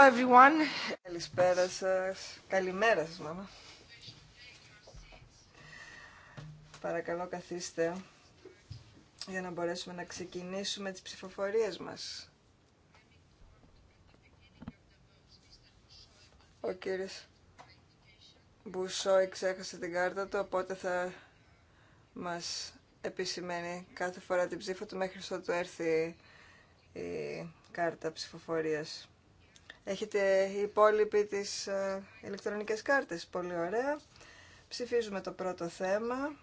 everyone. Καλησπέρα σας. Καλημέρα σας, μάμα. Παρακαλώ καθίστε για να μπορέσουμε να ξεκινήσουμε τις ψηφοφορίες μας. Ο κύριος Μπουσόη ξέχασε την κάρτα του, οπότε θα μας επισημαίνει κάθε φορά την ψήφα του μέχρι το έρθει η κάρτα ψηφοφορίας. Έχετε υπόλοιποι της ε, ηλεκτρονικές κάρτες. Πολύ ωραία. Ψηφίζουμε το πρώτο θέμα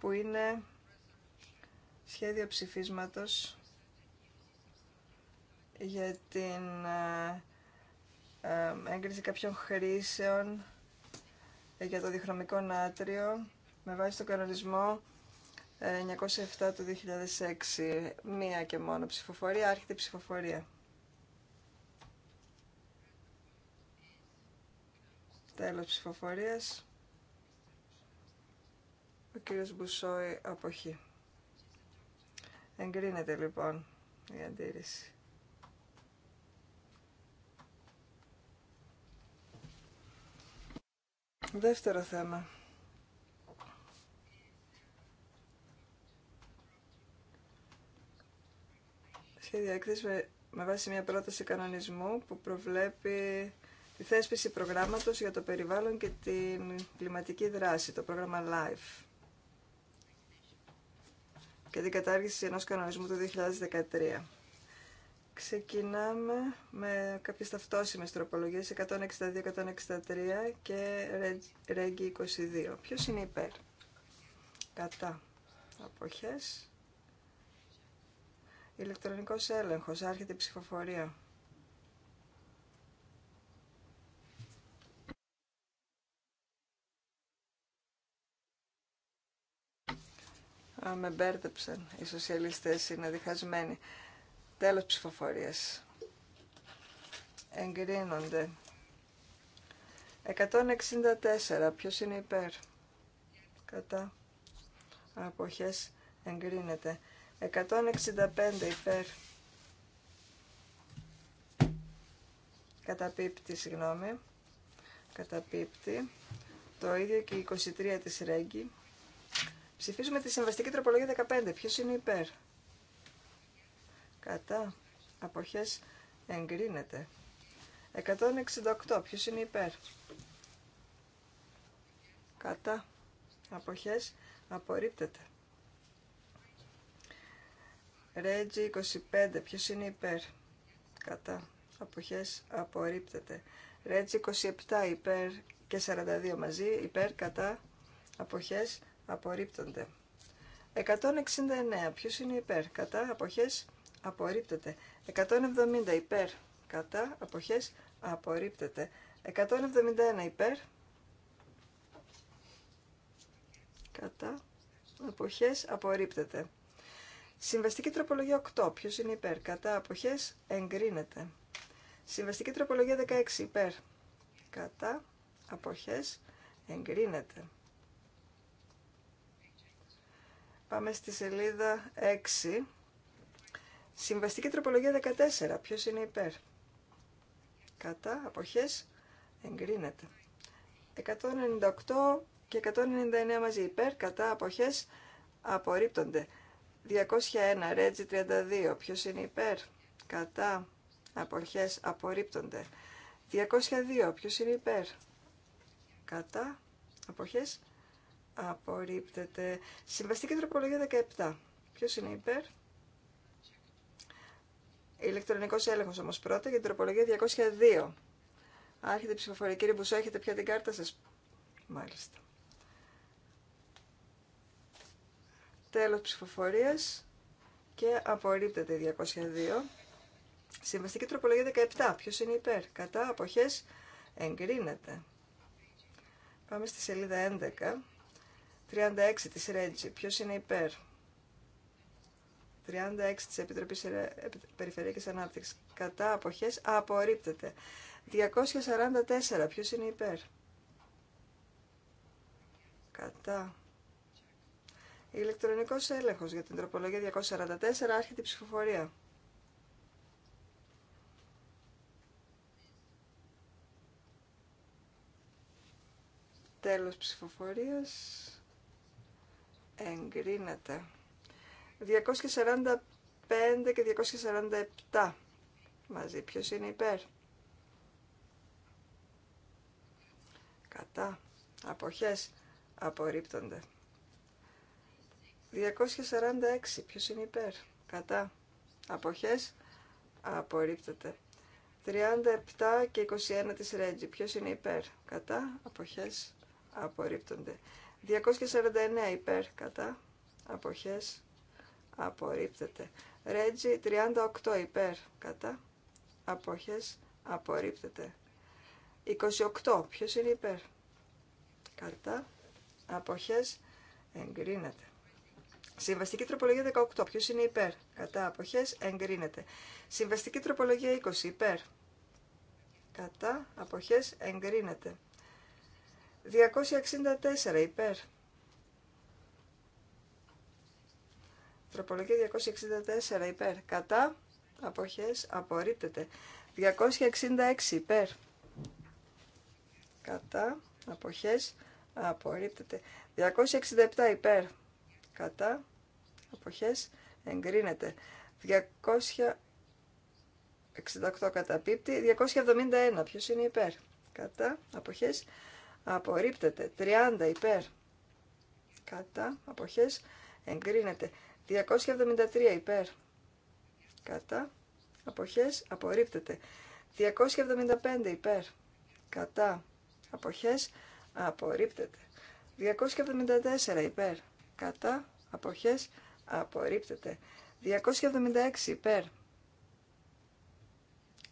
που είναι σχέδιο ψηφίσματος για την ε, ε, έγκριση κάποιων χρήσεων για το διχρωμικό νάτριο με βάση τον κανονισμό 907 του 2006. Μία και μόνο ψηφοφορία, άρχεται η ψηφοφορία. Τέλος ψηφοφορίας. Ο κύριος Μπουσόη αποχή. Εγκρίνεται λοιπόν η αντίρρηση. Δεύτερο θέμα. Σχέδιο έκθεση με, με βάση μια πρόταση κανονισμού που προβλέπει τη θέσπιση προγράμματος για το περιβάλλον και την κλιματική δράση, το πρόγραμμα LIFE και την κατάργηση ενός κανονισμού του 2013. Ξεκινάμε με κάποιες ταυτόσιμες τροπολογίες 162-163 και Ρεγί 22. Ποιος είναι υπέρ? Κατά. Αποχές. Ηλεκτρονικός έλεγχος. Άρχεται η ψηφοφορία. Α, με μπέρδεψαν. Οι σοσιαλιστές είναι διχασμένοι. Τέλος ψηφοφορίας. Εγκρίνονται. 164. Ποιος είναι υπέρ. Κατά. Αποχές. Εγκρίνεται. 165 υπέρ. Καταπίπτει, συγγνώμη. Καταπίπτει. Το ίδιο και η 23 της Ρέγγι. Ψηφίζουμε τη συμβαστική τροπολογία 15. Ποιος είναι υπέρ. Κατά. Αποχές εγκρίνεται. 168. Ποιος είναι υπέρ. Κατά. Αποχές απορρίπτεται. Ρέτζι 25. Ποιος είναι υπέρ. Κατά. Αποχές απορρίπτεται. Ρέτζι 27 υπέρ και 42 μαζί. Υπέρ κατά. Αποχές απορρίπτονται. 169. Ποιο είναι υπέρ, κατά, αποχές, απορρίπτεται. 170 υπέρ, κατά, αποχές, απορρίπτεται. 171 υπέρ, κατά, αποχές, απορρίπτεται. Συμβαστική τροπολογία 8. Ποιο είναι υπέρ, κατά, αποχές, εγκρίνεται. Συμβαστική τροπολογία 16 υπέρ, κατά, αποχές, εγκρίνεται. Πάμε στη σελίδα 6. Συμβαστική τροπολογία 14. Ποιος είναι υπέρ. Κατά, αποχές, εγκρίνεται. 198 και 199 μαζί υπέρ, κατά, αποχές, απορρίπτονται. 201, Ρέτζι 32. Ποιος είναι υπέρ. Κατά, αποχές, απορρίπτονται. 202. Ποιος είναι υπέρ. Κατά, αποχές, απορρίπτεται. Συμβαστική τροπολογία 17. Ποιος είναι υπέρ? Ηλεκτρονικός έλεγχος όμως πρώτα για την τροπολογία 202. Άρχεται η ψηφοφορία. Κύριε Μπουσό, έχετε πια την κάρτα σας. Μάλιστα. Τέλος ψηφοφορίας και απορρίπτεται η 202. Συμβαστική τροπολογία 17. Ποιος είναι υπέρ. Κατά αποχές εγκρίνεται. Πάμε στη σελίδα 11. 36 της Ρέντζη. Ποιος είναι υπέρ. 36 της Επιτροπής Περιφερειακής Ανάπτυξης. Κατά αποχές απορρίπτεται. 244. Ποιος είναι υπέρ. Κατά. Ηλεκτρονικός έλεγχος για την τροπολογία 244. Άρχεται η ψηφοφορία. Τέλος ψηφοφορίας εγκρίνεται. 245 και 247 μαζί. Ποιος είναι υπέρ. Κατά. Αποχές απορρίπτονται. 246. Ποιος είναι υπέρ. Κατά. Αποχές απορρίπτονται 37 και 21 της Ρέτζη. Ποιος είναι υπέρ. Κατά. Αποχές απορρίπτονται. 249 υπέρ κατά αποχές απορρίπτεται. Ρέτζι 38 υπέρ κατά αποχές απορρίπτεται. 28 ποιος είναι υπέρ κατά αποχές εγκρίνεται. Συμβαστική τροπολογία 18. ποιος είναι υπέρ. Κατά αποχές εγκρίνεται. Συμβαστική τροπολογία 20. Υπέρ. Κατά αποχές εγκρίνεται. 264 υπέρ. Τροπολογία 264 υπέρ. Κατά. Αποχές. Απορρίπτεται. 266 υπέρ. Κατά. Αποχές. Απορρίπτεται. 267 υπέρ. Κατά. Αποχές. Εγκρίνεται. 268 καταπίπτει. 271. Ποιος είναι υπέρ. Κατά. Αποχές απορρίπτεται 30 υπέρ κατά αποχές εγκρίνεται 273 υπέρ κατά αποχές απορρίπτεται 275 υπέρ κατά αποχές απορρίπτεται 274 υπέρ κατά αποχές απορρίπτεται 276 υπέρ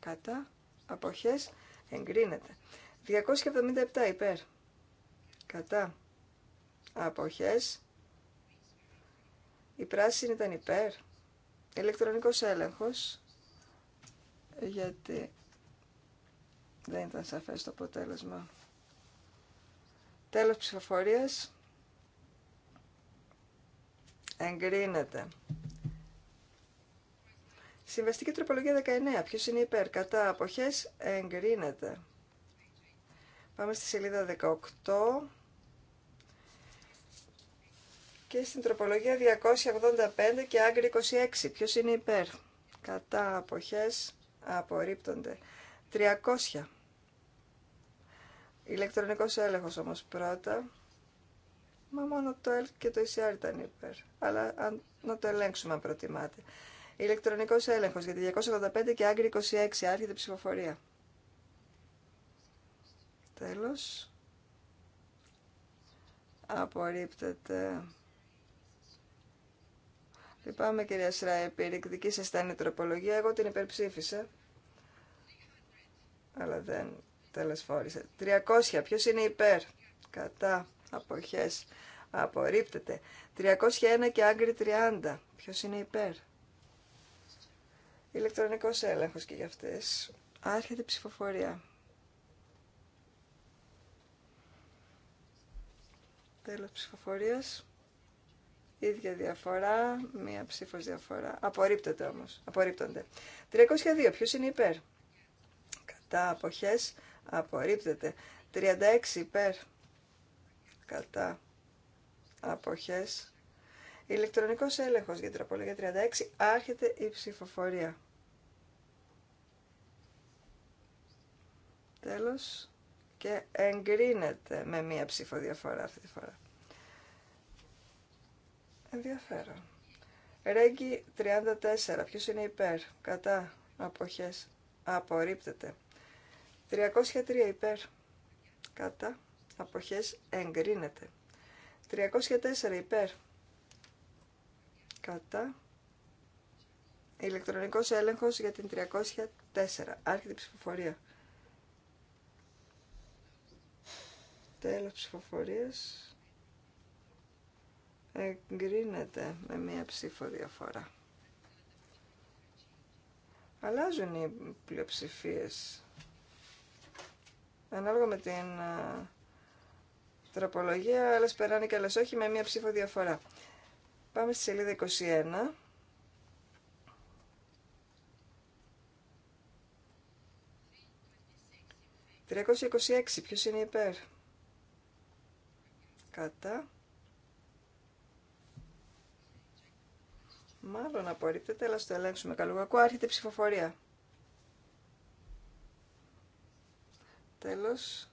κατά αποχές εγκρίνεται 277 υπέρ. Κατά. Αποχές. Η πράσινη ήταν υπέρ. Ηλεκτρονικός έλεγχος. Γιατί δεν ήταν σαφές το αποτέλεσμα. Τέλος ψηφοφορίας. Εγκρίνεται. Συμβαστική τροπολογία 19. Ποιος είναι υπέρ. Κατά αποχές εγκρίνεται. Πάμε στη σελίδα 18 και στην τροπολογία 285 και άγκρι 26. Ποιος είναι υπέρ. Κατά αποχές απορρίπτονται. 300. Ηλεκτρονικός έλεγχος όμως πρώτα. Μα μόνο το ΕΛΚ και το ECR ήταν υπέρ. Αλλά αν, να το ελέγξουμε αν προτιμάτε. Ηλεκτρονικός έλεγχος για τη 285 και άγκρι 26. Άρχεται ψηφοφορία. Τέλος. Απορρίπτεται. Λυπάμαι κυρία η δική σας ήταν η τροπολογία, εγώ την υπερψήφισα. Αλλά δεν τελεσφόρησε. 300, ποιος είναι υπέρ. Κατά, αποχές, απορρίπτεται. 301 και άγκρι 30, ποιος είναι υπέρ. Ηλεκτρονικός έλεγχος και για αυτές. Άρχεται ψηφοφορία. Τέλος ψηφοφορίας. Ίδια διαφορά, μία ψήφος διαφορά. Απορρίπτεται όμως, απορρίπτονται. 302, ποιος είναι υπέρ. Κατά αποχές, απορρίπτεται. 36 υπέρ. Κατά αποχές. Ηλεκτρονικός έλεγχος για την 36, άρχεται η ψηφοφορία. Τέλος και εγκρίνεται με μία ψηφοδιαφορά αυτή τη φορά. Ενδιαφέρον. Ρέγγι 34. Ποιος είναι υπέρ. Κατά. Αποχές. Απορρίπτεται. 303 υπέρ. Κατά. Αποχές. Εγκρίνεται. 304 υπέρ. Κατά. Ηλεκτρονικός έλεγχος για την 304. Άρχεται η ψηφοφορία. Τέλος ψηφοφορίας. Εγκρίνεται με μία ψήφο διαφορά. Αλλάζουν οι πλειοψηφίες. Ανάλογα με την τροπολογία, άλλες περάνε και άλλες όχι με μία ψήφο διαφορά. Πάμε στη σελίδα 21. «326. Ποιος είναι υπέρ» Κατά. Μάλλον απορρίπτεται, αλλά στο ελέγξουμε κακού. Άρχεται η ψηφοφορία. Τέλος.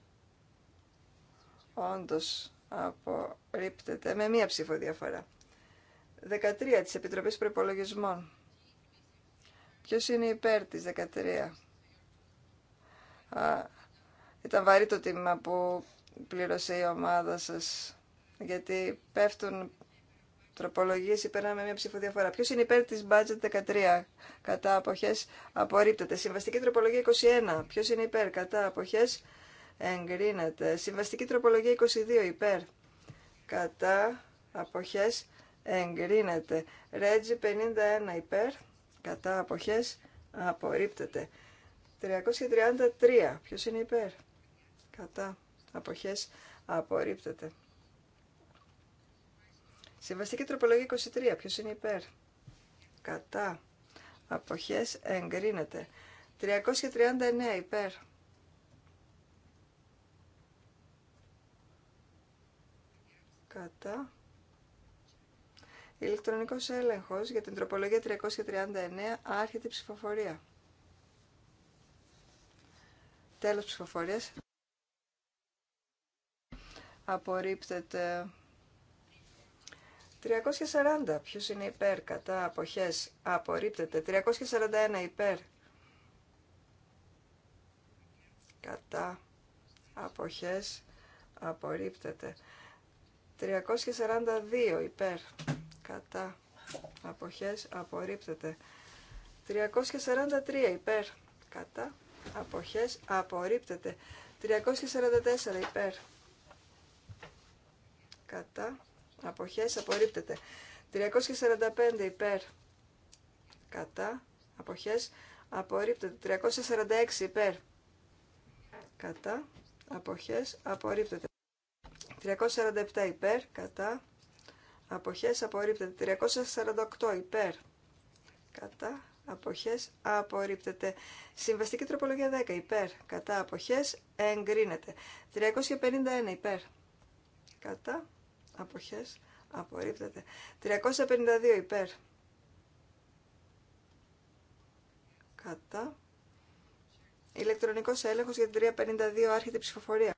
Όντως απορρίπτεται με μία ψηφοδιαφορά. 13 της Επιτροπής Προϋπολογισμών. Ποιος είναι υπέρ της 13. Α, ήταν βαρύ το τίμημα που πλήρωσε η ομάδα σας, γιατί πέφτουν τροπολογίες υπέρναμε μια ψηφοδιαφορά. Ποιος είναι υπέρ της budget 13, κατά αποχές απορρίπτεται. Συμβαστική τροπολογία 21, ποιος είναι υπέρ, κατά αποχές εγκρίνεται. Συμβαστική τροπολογία 22, υπέρ, κατά αποχές εγκρίνεται. Ρέτζι 51 υπέρ, κατά αποχές απορρίπτεται. 333, ποιος είναι υπέρ, κατά αποχές απορρίπτεται. Συμβαστική τροπολογία 23. Ποιος είναι υπέρ. Κατά. Αποχές εγκρίνεται. 339 υπέρ. Κατά. Ηλεκτρονικός έλεγχος για την τροπολογία 339 άρχεται η ψηφοφορία. Τέλος ψηφοφορίας απορρίπτεται. 340. Ποιος είναι υπέρ, κατά, αποχές, απορρίπτεται. 341 υπέρ, κατά, αποχές, απορρίπτεται. 342 υπέρ, κατά, αποχές, απορρίπτεται. 343 υπέρ, κατά, αποχές, απορρίπτεται. 344 υπέρ, κατά αποχές απορρίπτεται 345 υπέρ κατά αποχές απορρίπτεται 346 υπέρ κατά αποχές απορρίπτεται 347 υπέρ κατά αποχές απορρίπτεται 348 υπέρ κατά αποχές απορρίπτεται συμβαστική τροπολογία 10 υπέρ κατά αποχές εγκρίνεται 351 υπέρ κατά αποχές απορρίπτεται. 352 υπέρ. Κατά. Ηλεκτρονικός έλεγχος για την 352 άρχεται η ψηφοφορία.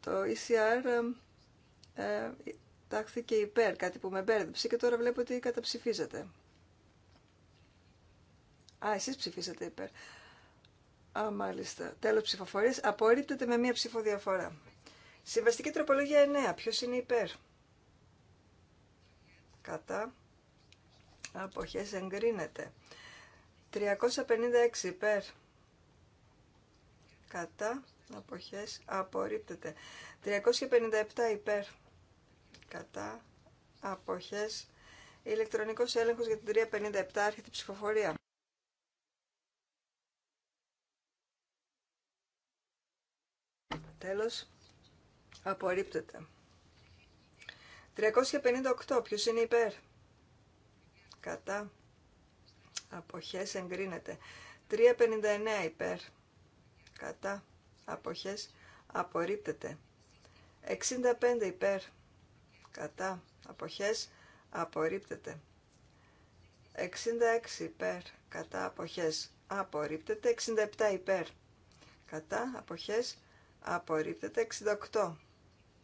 Το ECR ε, τάχθηκε υπέρ, κάτι που με μπέρδεψε και τώρα βλέπω ότι καταψηφίζεται. Α, εσείς ψηφίσατε υπέρ. Α, μάλιστα. Τέλος ψηφοφορίας. Απορρίπτεται με μία ψηφοδιαφορά. Συμβαστική τροπολογία 9. Ποιο είναι υπέρ. Κατά. αποχέ. εγκρίνεται. 356 υπέρ. Κατά. αποχέ, απορρίπτεται. 357 υπέρ. Κατά. Αποχές. Ηλεκτρονικός έλεγχος για την 357 άρχεται ψηφοφορία. Τέλος, απορρίπτεται. 358, ποιος είναι υπέρ. Κατά. Αποχές εγκρίνεται. 359 υπέρ. Κατά. Αποχές απορρίπτεται. 65 υπέρ. Κατά. Αποχές απορρίπτεται. 66 υπέρ. Κατά. Αποχές απορρίπτεται. 67 υπέρ. Κατά. Αποχές Απορρίπτεται 68.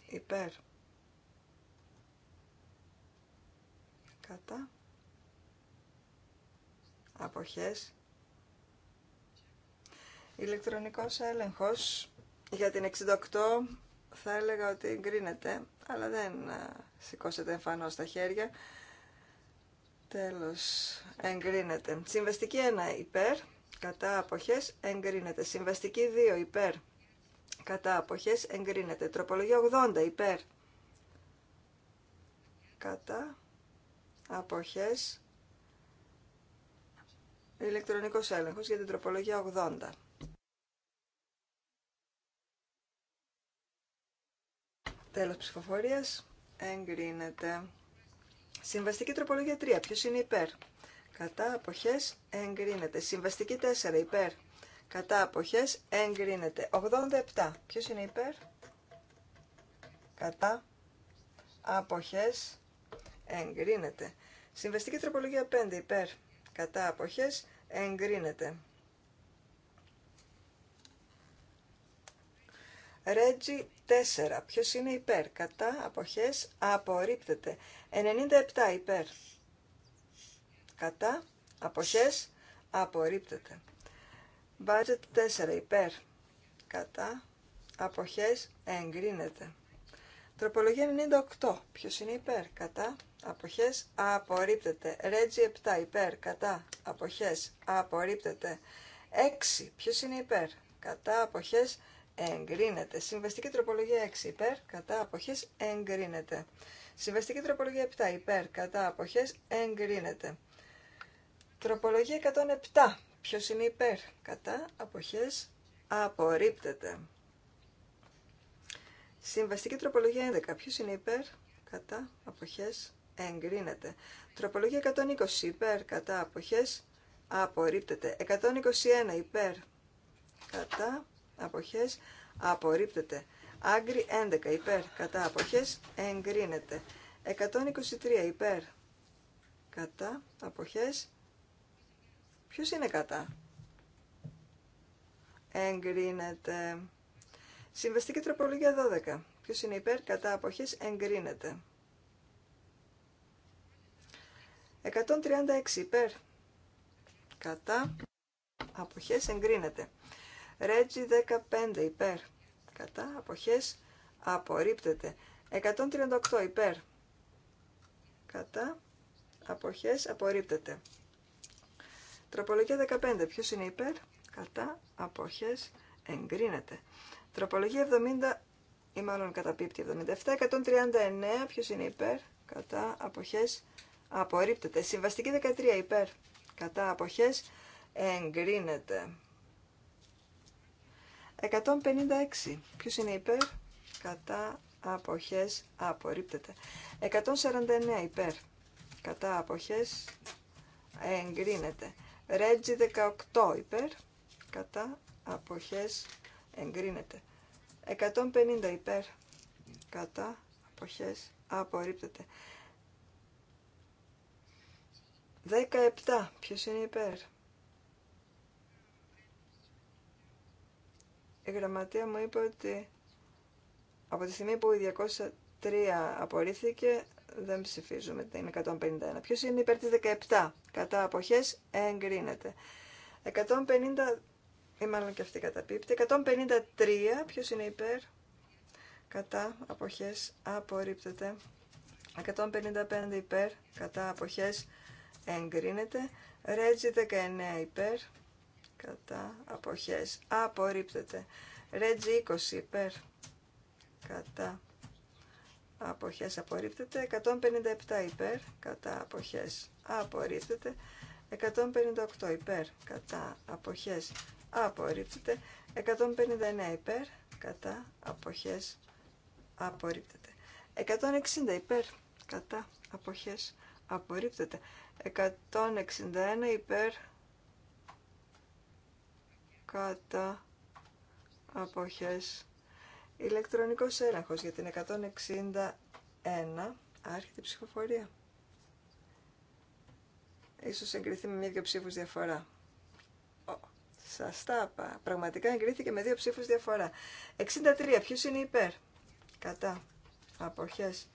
Υπέρ. Κατά. Αποχές. Ηλεκτρονικός έλεγχος για την 68 θα έλεγα ότι εγκρίνεται, αλλά δεν ε, σηκώσετε εμφανώς τα χέρια. Τέλος, εγκρίνεται. Συμβαστική 1 υπέρ, κατά αποχές εγκρίνεται. Συμβαστική 2 υπέρ, κατά αποχές εγκρίνεται. Τροπολογία 80 υπέρ κατά αποχές ηλεκτρονικός έλεγχος για την τροπολογία 80. Τέλος ψηφοφορίας εγκρίνεται. Συμβαστική τροπολογία 3. Ποιος είναι υπέρ. Κατά αποχές εγκρίνεται. Συμβαστική 4. Υπέρ. Κατά αποχές εγκρίνεται. 87. Ποιος είναι υπέρ? Κατά αποχές εγκρίνεται. Συμβεστική τροπολογία 5 υπέρ. Κατά αποχές εγκρίνεται. Ρέτζι 4. Ποιος είναι υπέρ. Κατά αποχές απορρίπτεται. 97 υπέρ. Κατά αποχές απορρίπτεται. Budget 4 υπέρ. Κατά. Αποχές εγκρίνεται. Τροπολογία 98. Ποιος είναι υπέρ. Κατά. Αποχές απορρίπτεται. Ρέτζι 7 υπέρ. Κατά. Αποχές απορρίπτεται. 6. Ποιος είναι υπέρ. Κατά. Αποχές εγκρίνεται. Συμβαστική τροπολογία 6 υπέρ. Κατά. Αποχές εγκρίνεται. Συμβαστική τροπολογία 7 υπέρ. Κατά. Αποχές εγκρίνεται. Τροπολογία 107. Ποιος είναι υπέρ, κατά, αποχές, απορρίπτεται. Συμβαστική τροπολογία 11. Ποιος είναι υπέρ, κατά, αποχές, εγκρίνεται. Τροπολογία 120. Υπέρ, κατά, αποχές, απορρίπτεται. 121. Υπέρ, κατά, αποχές, απορρίπτεται. Άγκρι 11. Υπέρ, κατά, αποχές, εγκρίνεται. 123. Υπέρ, κατά, αποχές, Ποιος είναι κατά. Εγκρίνεται. Συμβαστική τροπολογία 12. Ποιος είναι υπέρ, κατά αποχές, εγκρίνεται. 136 υπέρ, κατά αποχές, εγκρίνεται. Ρέτζι 15 υπέρ, κατά αποχές, απορρίπτεται. 138 υπέρ, κατά αποχές, απορρίπτεται. Τροπολογία 15. Ποιος είναι υπέρ, κατά, αποχές, εγκρίνεται. Τροπολογία 70 ή μάλλον καταπίπτει 77. 139. Ποιος είναι υπέρ, κατά, αποχές, απορρίπτεται. Συμβαστική 13 υπέρ, κατά, αποχές, εγκρίνεται. 156. Ποιος είναι υπέρ, κατά, αποχές, απορρίπτεται. 149 υπέρ, κατά, αποχές, εγκρίνεται. Ρέτζι 18 υπέρ, κατά αποχές εγκρίνεται. 150 υπέρ, κατά αποχές απορρίπτεται. 17 ποιος είναι υπέρ. Η γραμματεία μου είπε ότι από τη στιγμή που η 203 απορρίφθηκε δεν ψηφίζουμε είναι 151. Ποιος είναι υπέρ της 17 κατά αποχές εγκρίνεται. 150, ή μάλλον και αυτή καταπίπτει, 153, ποιος είναι υπέρ, κατά αποχές απορρίπτεται. 155 υπέρ, κατά αποχές εγκρίνεται. Ρέτζι 19 υπέρ, κατά αποχές απορρίπτεται. Ρέτζι 20 υπέρ, κατά αποχές απορρίπτεται. 157 υπέρ, κατά αποχές απορρίπτεται. 158 υπέρ κατά αποχές απορρίπτεται. 159 υπέρ κατά αποχές απορρίπτεται. 160 υπέρ κατά αποχές απορρίπτεται. 161 υπέρ κατά αποχές ηλεκτρονικός έλεγχος για την 161 άρχεται η ψηφοφορία ίσως εγκριθεί με δυο ψήφους διαφορά. Σας τα είπα. Πραγματικά εγκρίθηκε με δύο ψήφου διαφορά. 63. Ποιο είναι υπέρ. Κατά. Αποχές.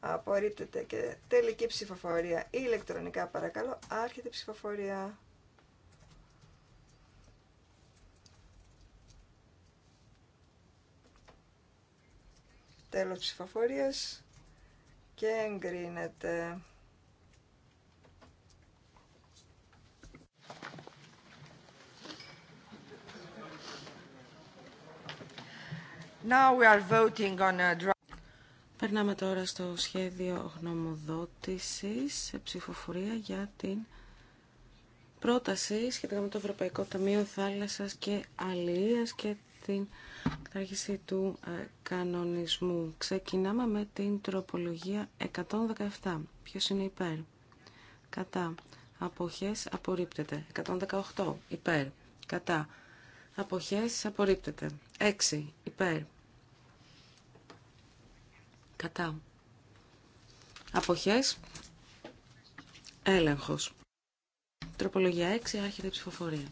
Απορρίπτεται. Και τελική ψηφοφορία. Ή ηλεκτρονικά παρακαλώ. Άρχεται η ψηφοφορία. Τέλος ψηφοφορίας. Και εγκρίνεται. Περνάμε τώρα στο σχέδιο γνωμοδότησης σε ψηφοφορία για την πρόταση σχετικά με το Ευρωπαϊκό Ταμείο Θάλασσας και Αλληλείας και την κατάργηση του ε, κανονισμού. Ξεκινάμε με την τροπολογία 117. Ποιος είναι υπέρ. Κατά. Αποχές απορρίπτεται. 118. Υπέρ. Κατά. Αποχές απορρίπτεται. 6. Υπέρ. Κατά. Αποχές. Έλεγχος. Τροπολογία 6. Άρχεται η ψηφοφορία.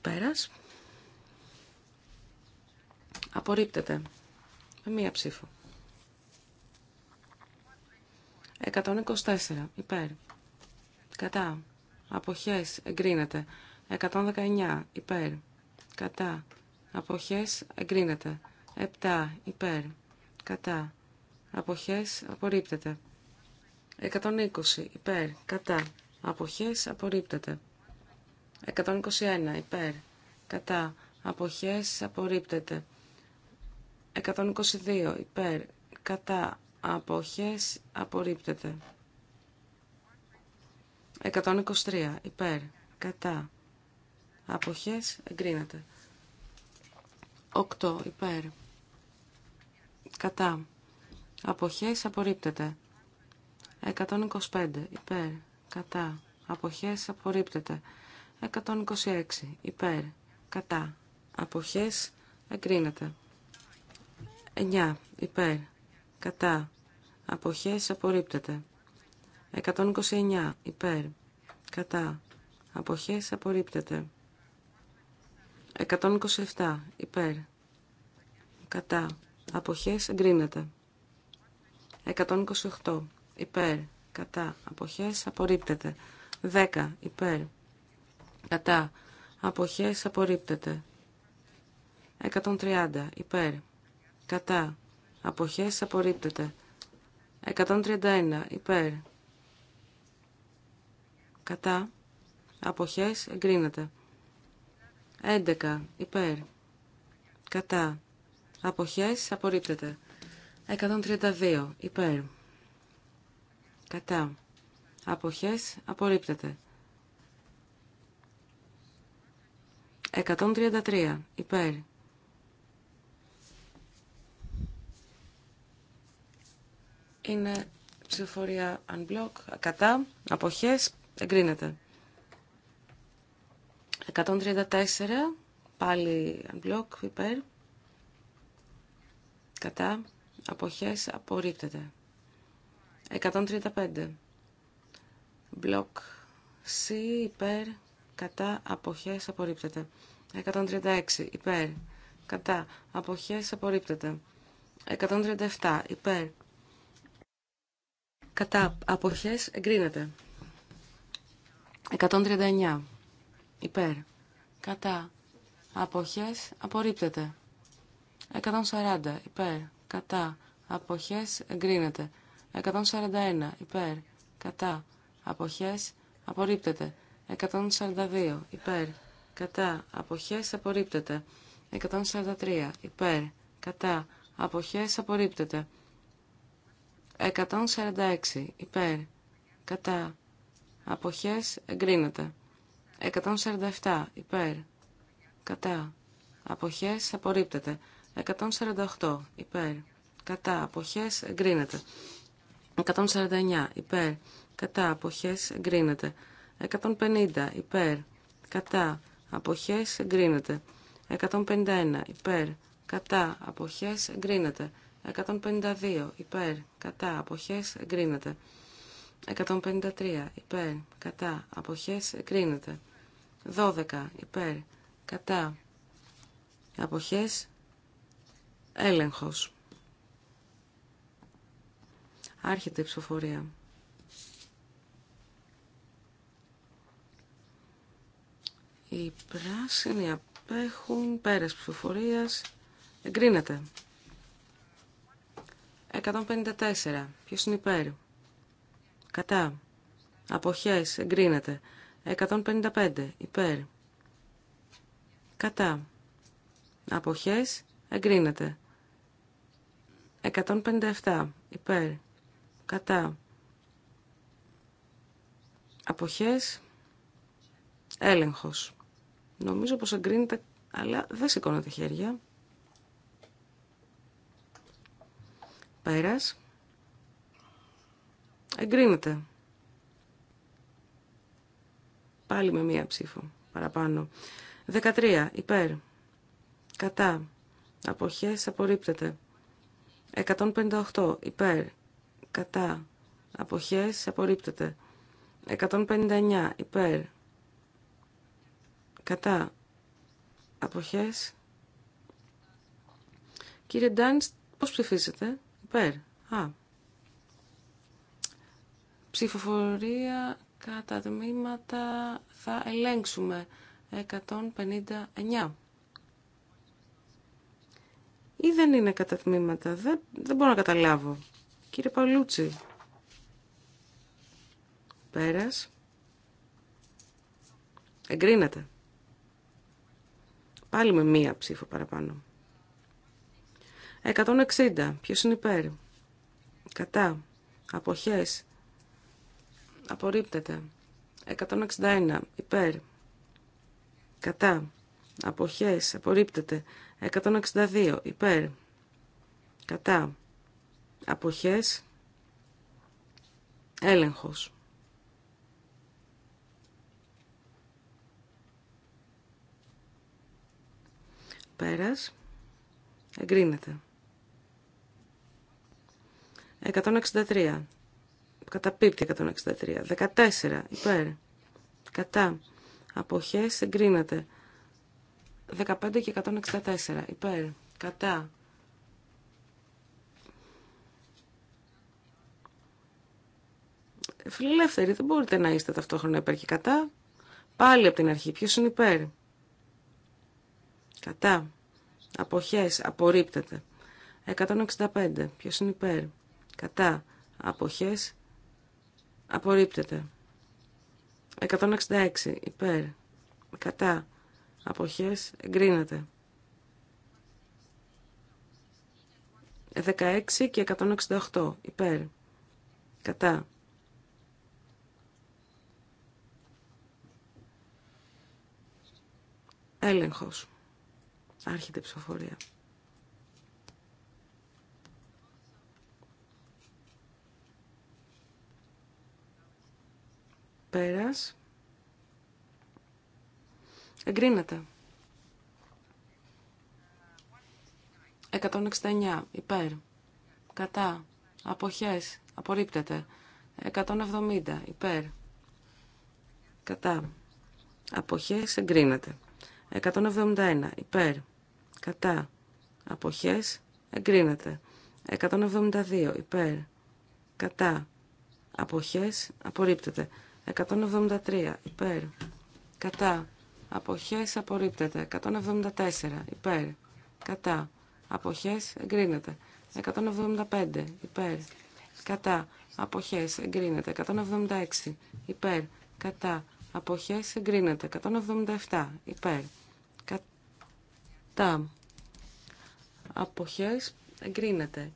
Πέρας. Απορρίπτεται. Με μία ψήφο. 124. Υπέρ. Κατά. Αποχές. Εγκρίνεται. 119. Υπέρ. Κατά αποχές εγκρίνεται. 7 υπέρ κατά αποχές απορρίπτεται. 120 υπέρ κατά αποχές απορρίπτεται. 121 υπέρ κατά αποχές απορρίπτεται. 122 υπέρ κατά αποχές απορρίπτεται. 123 υπέρ κατά αποχές εγκρίνεται. 8 υπέρ. Κατά. Αποχές απορρίπτεται. 125 υπέρ. Κατά. Αποχές απορρίπτεται. 126 υπέρ. Κατά. Αποχές εγκρίνεται. 9 υπέρ. Κατά. Αποχές απορρίπτεται. 129 υπέρ. Κατά. Αποχές απορρίπτεται. 127 υπέρ. Κατά. Αποχές εγκρίνεται. 128 υπέρ. Κατά. Αποχές απορρίπτεται. 10 υπέρ. Κατά. Αποχές απορρίπτεται. 130 υπέρ. Κατά. Αποχές απορρίπτεται. 131 υπέρ. Κατά. Αποχές εγκρίνεται. 11 υπέρ. Κατά. Αποχές απορρίπτεται. 132 υπέρ. Κατά. Αποχές απορρίπτεται. 133 υπέρ. Είναι ψηφοφορία unblock. Κατά. Αποχές εγκρίνεται. 134, πάλι unblock, υπέρ. Κατά, αποχές, απορρίπτεται. 135, block, C, υπέρ, κατά, αποχές, απορρίπτεται. 136, υπέρ, κατά, αποχές, απορρίπτεται. 137, υπέρ, κατά, αποχές, εγκρίνεται. 139 υπέρ, κατά, αποχές, απορρίπτεται. 140, υπέρ, κατά, αποχές, εγκρίνεται. 141, υπέρ, κατά, αποχές, απορρίπτεται. 142, υπέρ, κατά, αποχές, απορρίπτεται. 143, υπέρ, κατά, αποχές, απορρίπτεται. 146, υπέρ, κατά, αποχές, εγκρίνεται. 147 υπέρ. Κατά. Αποχές απορρίπτεται. 148 υπέρ. Κατά. Αποχές εγκρίνεται. 149 υπέρ. Κατά. Αποχές εγκρίνεται. 150 υπέρ. Κατά. Αποχές εγκρίνεται. 151 υπέρ. Κατά. Αποχές εγκρίνεται. 152 υπέρ. Κατά. Αποχές εγκρίνεται. 153 υπέρ. Κατά. Αποχές εγκρίνεται. 12 υπέρ κατά αποχές έλεγχος. Άρχεται η ψηφοφορία. Οι πράσινοι απέχουν πέρας ψηφοφορίας. Εγκρίνεται. 154. Ποιος είναι υπέρ. Κατά. Αποχές. Εγκρίνεται. 155 υπέρ. Κατά. Αποχές εγκρίνεται. 157 υπέρ. Κατά. Αποχές έλεγχος. Νομίζω πως εγκρίνεται, αλλά δεν σηκώνω τα χέρια. Πέρας. Εγκρίνεται. Πάλι με μία ψήφο παραπάνω. 13. Υπέρ. Κατά. Αποχές απορρίπτεται. 158. Υπέρ. Κατά. Αποχές απορρίπτεται. 159. Υπέρ. Κατά. Αποχές. Κύριε Ντάνις, πώς ψηφίσετε. Υπέρ. Α. Ψηφοφορία Κατά τμήματα θα ελέγξουμε 159. Ή δεν είναι κατά τμήματα. Δεν, δεν μπορώ να καταλάβω. Κύριε Παλούτσι. Πέρας. Εγκρίνατε. Πάλι με μία ψήφο παραπάνω. 160. Ποιος είναι υπέρ. Κατά. Αποχές. Απορρίπτεται. 161. Υπέρ. Κατά. Αποχές. Απορρίπτεται. 162. Υπέρ. Κατά. Αποχές. Έλεγχος. Πέρας. Εγκρίνεται. 163. Καταπίπτει 163. 14. Υπέρ. Κατά. Αποχές εγκρίνεται. 15 και 164. Υπέρ. Κατά. Φιλελεύθεροι, δεν μπορείτε να είστε ταυτόχρονα υπέρ και κατά. Πάλι από την αρχή. ποιο είναι υπέρ. Κατά. Αποχές. Απορρίπτεται. 165. Ποιος είναι υπέρ. Κατά. Αποχές. Απορρίπτεται. 166 υπέρ. Κατά. Αποχές. Εγκρίνεται. 16 και 168 υπέρ. Κατά. Έλεγχος. Άρχεται ψηφοφορία. Πέρας. Εγκρίνεται. 169. Υπέρ. Κατά. Αποχές. Απορρίπτεται. 170. Υπέρ. Κατά. Αποχές. Εγκρίνεται. 171. Υπέρ. Κατά. Αποχές. Εγκρίνεται. 172. Υπέρ. Κατά. Αποχές. Απορρίπτεται. 173 υπέρ. Κατά. Αποχές απορρίπτεται. 174 υπέρ. Κατά. Αποχές εγκρίνεται. 175 υπέρ. Κατά. Αποχές εγκρίνεται. 176 υπέρ. Κατά. Αποχές εγκρίνεται. 177 υπέρ. Κατά. Αποχές εγκρίνεται.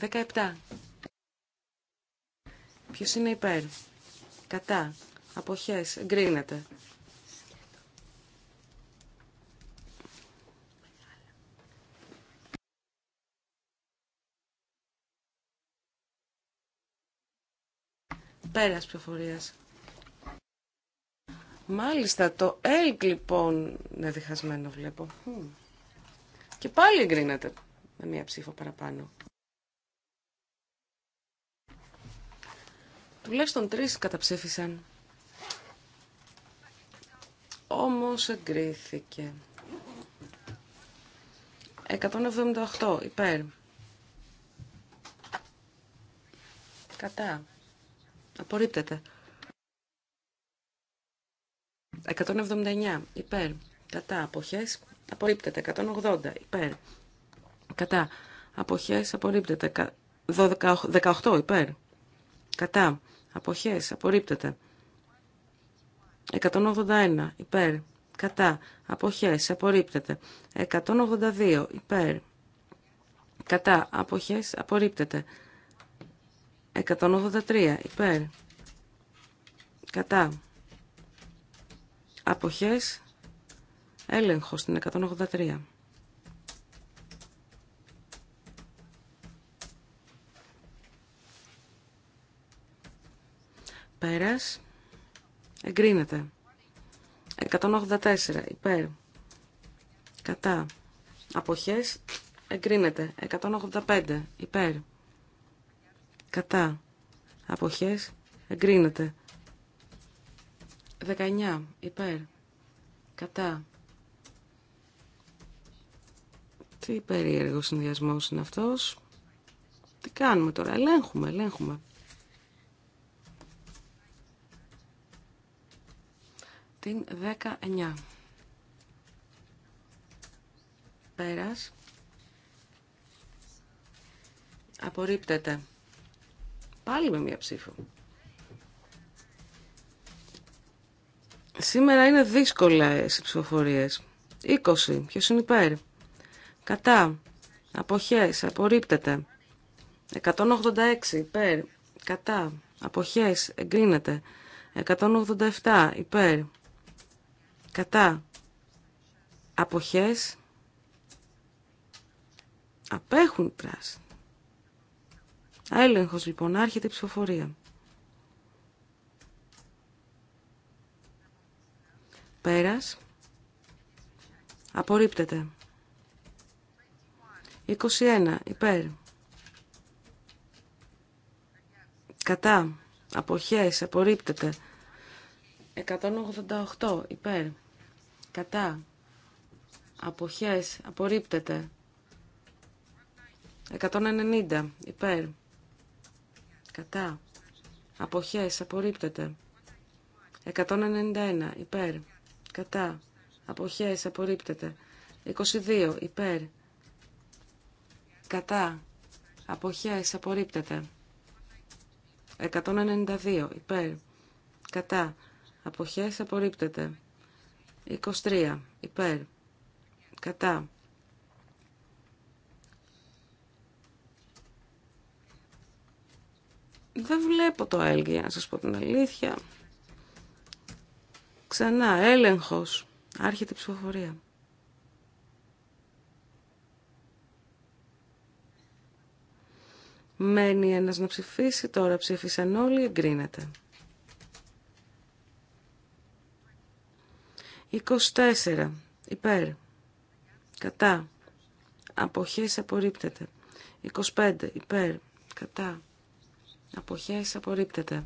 17. Ποιος είναι υπέρ. Κατά. Αποχές. Εγκρίνεται. Πέρας πληροφορίας. Μάλιστα, το ΕΛΚ λοιπόν είναι διχασμένο βλέπω. Και πάλι εγκρίνεται με μία ψήφο παραπάνω. Τουλάχιστον τρεις καταψήφισαν. Όμως εγκρίθηκε. 178 υπέρ. Κατά. Απορρίπτεται. 179 υπέρ. Κατά. Αποχές. Απορρίπτεται. 180 υπέρ. Κατά. Αποχές. Απορρίπτεται. 18 υπέρ. Κατά. Αποχές. Απορρίπτεται. 181. Υπέρ. Κατά. Αποχές. Απορρίπτεται. 182. Υπέρ. Κατά. Αποχές. Απορρίπτεται. 183. Υπέρ. Κατά. Αποχές. Έλεγχο στην 183. Πέρας. Εγκρίνεται. 184 υπέρ. Κατά. Αποχές. Εγκρίνεται. 185 υπέρ. Κατά. Αποχές. Εγκρίνεται. 19 υπέρ. Κατά. Τι περίεργο συνδυασμό είναι αυτός. Τι κάνουμε τώρα. Ελέγχουμε, ελέγχουμε. την 19. Πέρας. Απορρίπτεται. Πάλι με μία ψήφο. Σήμερα είναι δύσκολες οι ψηφοφορίες. 20. Ποιος είναι υπέρ. Κατά. Αποχές. Απορρίπτεται. 186. Υπέρ. Κατά. Αποχές. Εγκρίνεται. 187. Υπέρ κατά αποχές απέχουν οι πράσινοι. Έλεγχος λοιπόν, άρχεται η ψηφοφορία. Πέρας. Απορρίπτεται. 21. Υπέρ. Κατά. Αποχές. Απορρίπτεται. 188. Υπέρ κατά, αποχές, απορρίπτεται. 190 υπέρ, κατά, αποχές, απορρίπτεται. 191 υπέρ, κατά, αποχές, απορρίπτεται. 22 υπέρ, κατά, αποχές, απορρίπτεται. 192 υπέρ, κατά, αποχές, απορρίπτεται. 23 υπέρ κατά Δεν βλέπω το έλγη, να σας πω την αλήθεια. Ξανά, έλεγχος. Άρχεται η ψηφοφορία. Μένει ένας να ψηφίσει, τώρα ψήφισαν όλοι, εγκρίνεται. 24. Υπέρ. Κατά. Αποχές απορρίπτεται. 25. Υπέρ. Κατά. Αποχές απορρίπτεται.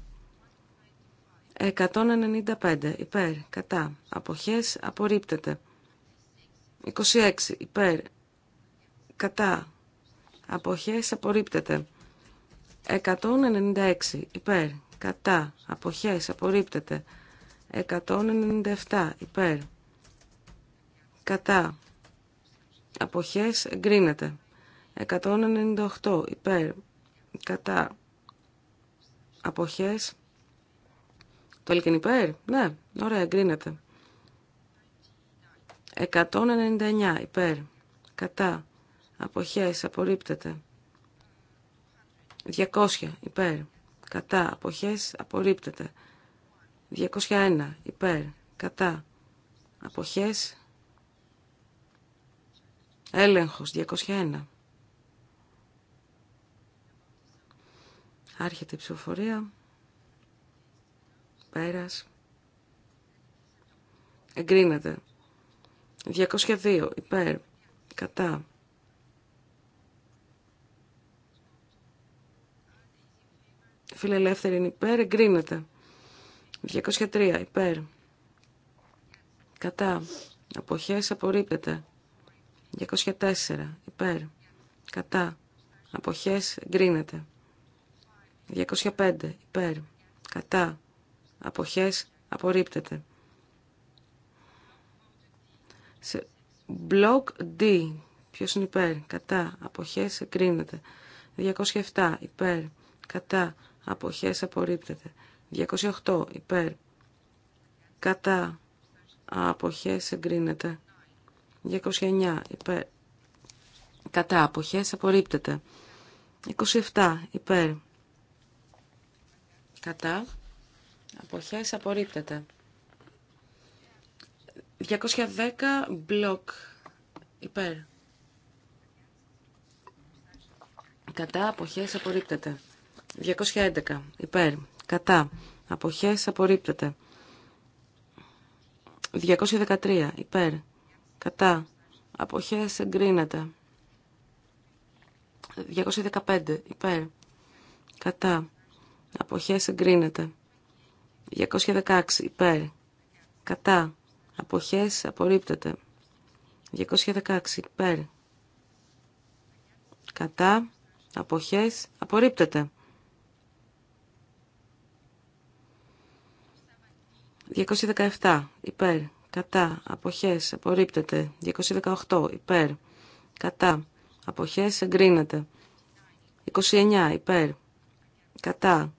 195. Υπέρ. Κατά. Αποχές απορρίπτεται. 26. Υπέρ. Κατά. Αποχές απορρίπτεται. 196. Υπέρ. Κατά. Αποχές απορρίπτεται. 197 υπέρ. Κατά. Αποχές εγκρίνεται. 198 υπέρ. Κατά. Αποχές. Το υπέρ. Ναι. Ωραία εγκρίνεται. 199 υπέρ. Κατά. Αποχές απορρίπτεται. 200 υπέρ. Κατά. Αποχές απορρίπτεται. 201 υπέρ κατά αποχές έλεγχος 201 άρχεται η ψηφοφορία πέρας εγκρίνεται 202 υπέρ κατά φιλελεύθερη είναι υπέρ εγκρίνεται 203 υπέρ. Κατά. Αποχές απορρίπτεται. 204 υπέρ. Κατά. Αποχές εγκρίνεται. 205 υπέρ. Κατά. Αποχές απορρίπτεται. Σε block D. Ποιος είναι υπέρ. Κατά. Αποχές εγκρίνεται. 207 υπέρ. Κατά. Αποχές απορρίπτεται. 208 υπέρ κατά αποχές εγκρίνεται 209 υπέρ κατά αποχές απορρίπτεται 27 υπέρ κατά αποχές απορρίπτεται 210 μπλοκ υπέρ κατά αποχές απορρίπτεται 211 υπέρ κατά, αποχές απορρίπτεται. 213 υπέρ, κατά, αποχές εγκρίνεται. 215 υπέρ, κατά, αποχές εγκρίνεται. 216 υπέρ, κατά, αποχές απορρίπτεται. 216 υπέρ, κατά, αποχές απορρίπτεται. 217 υπέρ, κατά, αποχές, απορρίπτεται. 218 υπέρ, κατά, αποχές, εγκρίνεται. 29 υπέρ, κατά,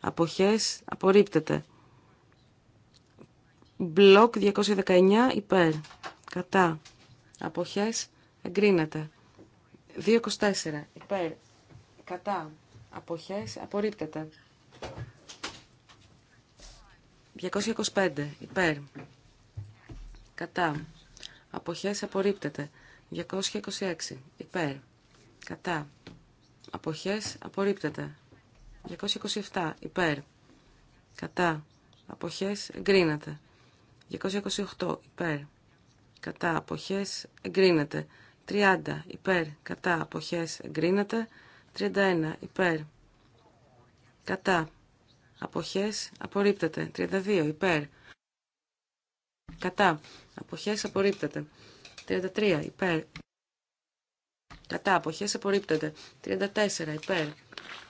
αποχές, απορρίπτεται. Μπλοκ 219 υπέρ, κατά, αποχές, εγκρίνεται. 224 υπέρ, κατά, αποχές, απορρίπτεται. 225 υπέρ. Κατά. Αποχές απορρίπτεται. 226 υπέρ. Κατά. Αποχές απορρίπτεται. 227 υπέρ. Κατά. Αποχές εγκρίνεται. 228 υπέρ. Κατά. Αποχές εγκρίνεται. 30 υπέρ. Κατά. Αποχές εγκρίνεται. 31 υπέρ. Κατά. Αποχές απορρίπτεται. 32. Υπέρ. Κατά. Αποχές απορρίπτεται. 33. Υπέρ. Κατά. Αποχές απορρίπτεται. 34. Υπέρ.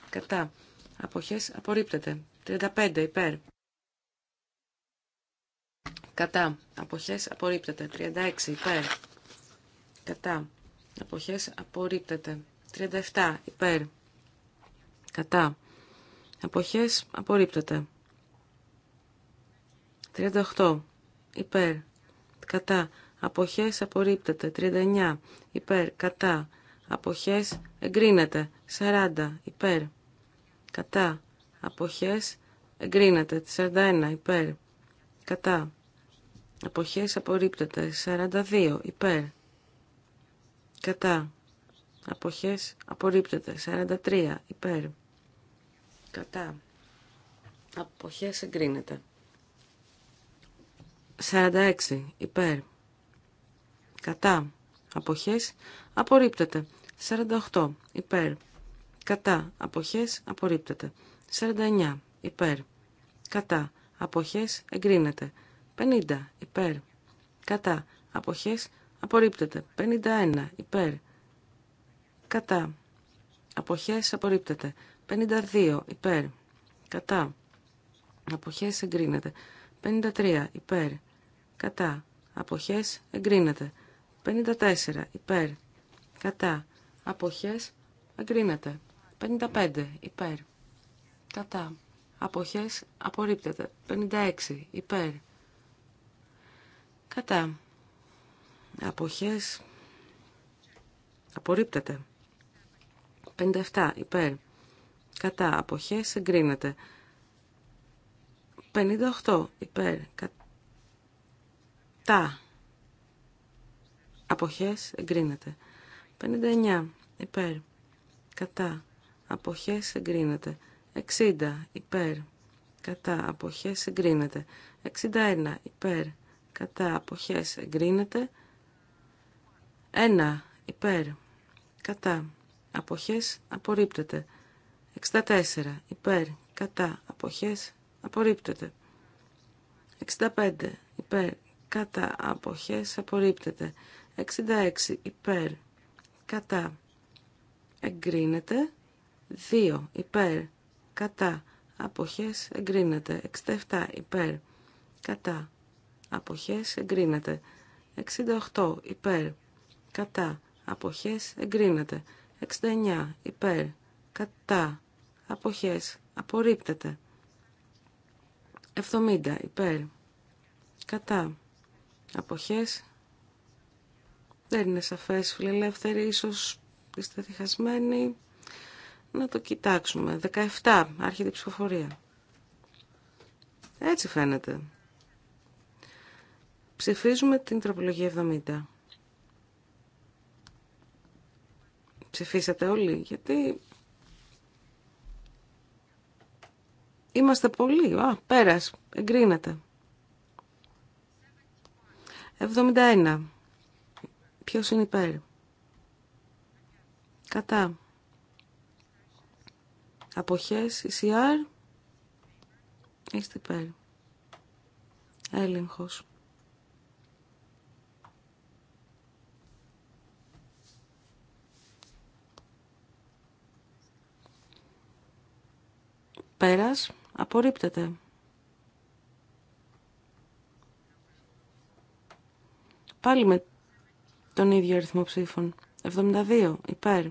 Κατά. Αποχές απορρίπτεται. 35. Υπέρ. Κατά. Αποχές απορρίπτεται. 36. Υπέρ. Κατά. Αποχές απορρίπτεται. 37. Υπέρ. Κατά. Αποχές απορρίπτεται. 38. Υπέρ. Κατά. Αποχές απορρίπτεται. 39. Υπέρ. Κατά. Αποχές εγκρίνεται. 40. Υπέρ. Κατά. Αποχές εγκρίνεται. 41. Υπέρ. Κατά. Αποχές απορρίπτεται. 42. Υπέρ. Κατά. Αποχές απορρίπτεται. 43. Υπέρ. Κατά. Αποχές εγκρίνεται. 46. Υπέρ. Κατά. Αποχές απορρίπτεται. 48. Υπέρ. Κατά. Αποχές απορρίπτεται. 49. Υπέρ. Κατά. Αποχές εγκρίνεται. 50. Υπέρ. Κατά. Αποχές απορρίπτεται. 51. Υπέρ. Κατά. Αποχές απορρίπτεται. 52 υπέρ. Κατά. Αποχές εγκρίνεται. 53 υπέρ. Κατά. Αποχέ εγκρίνεται. 54 υπέρ. Κατά. Αποχές εγκρίνεται. 55 υπέρ. Κατά. Αποχές απορρίπτεται. 56 υπέρ. Κατά. Αποχές απορρίπτεται. 57 υπέρ κατά απόχέ εγκρίνεται. 58 υπέρ κατά αποχές εγκρίνεται. 59 υπέρ κατά αποχές εγκρίνεται. 60 υπέρ κατά αποχές εγκρίνεται. 61 υπέρ κατά αποχές εγκρίνεται. 1 υπέρ κατά αποχές απορρίπτεται. 64. Υπέρ. Κατά. Αποχές. Απορρίπτεται. 65. Υπέρ. Κατά. Αποχές. Απορρίπτεται. 66. Υπέρ. Κατά. Εγκρίνεται. 2. Υπέρ. Κατά. Αποχές. Εγκρίνεται. 67. Υπέρ. Κατά. Αποχές. Εγκρίνεται. 68. Υπέρ. Κατά. Αποχές. Εγκρίνεται. 69. Υπέρ κατά, αποχές, απορρίπτεται. 70 υπέρ, κατά, αποχές, δεν είναι σαφές φιλελεύθεροι, ίσως είστε διχασμένοι. Να το κοιτάξουμε. 17, άρχεται ψηφοφορία. Έτσι φαίνεται. Ψηφίζουμε την τροπολογία 70. Ψηφίσατε όλοι, γιατί Είμαστε πολλοί. Α, πέρας. Εγκρίνεται. 71. Ποιος είναι υπέρ. Κατά. Αποχές. ECR. Είστε υπέρ. Έλεγχος. Πέρας. Απορρίπτεται. Πάλι με τον ίδιο αριθμό ψήφων. 72 υπέρ.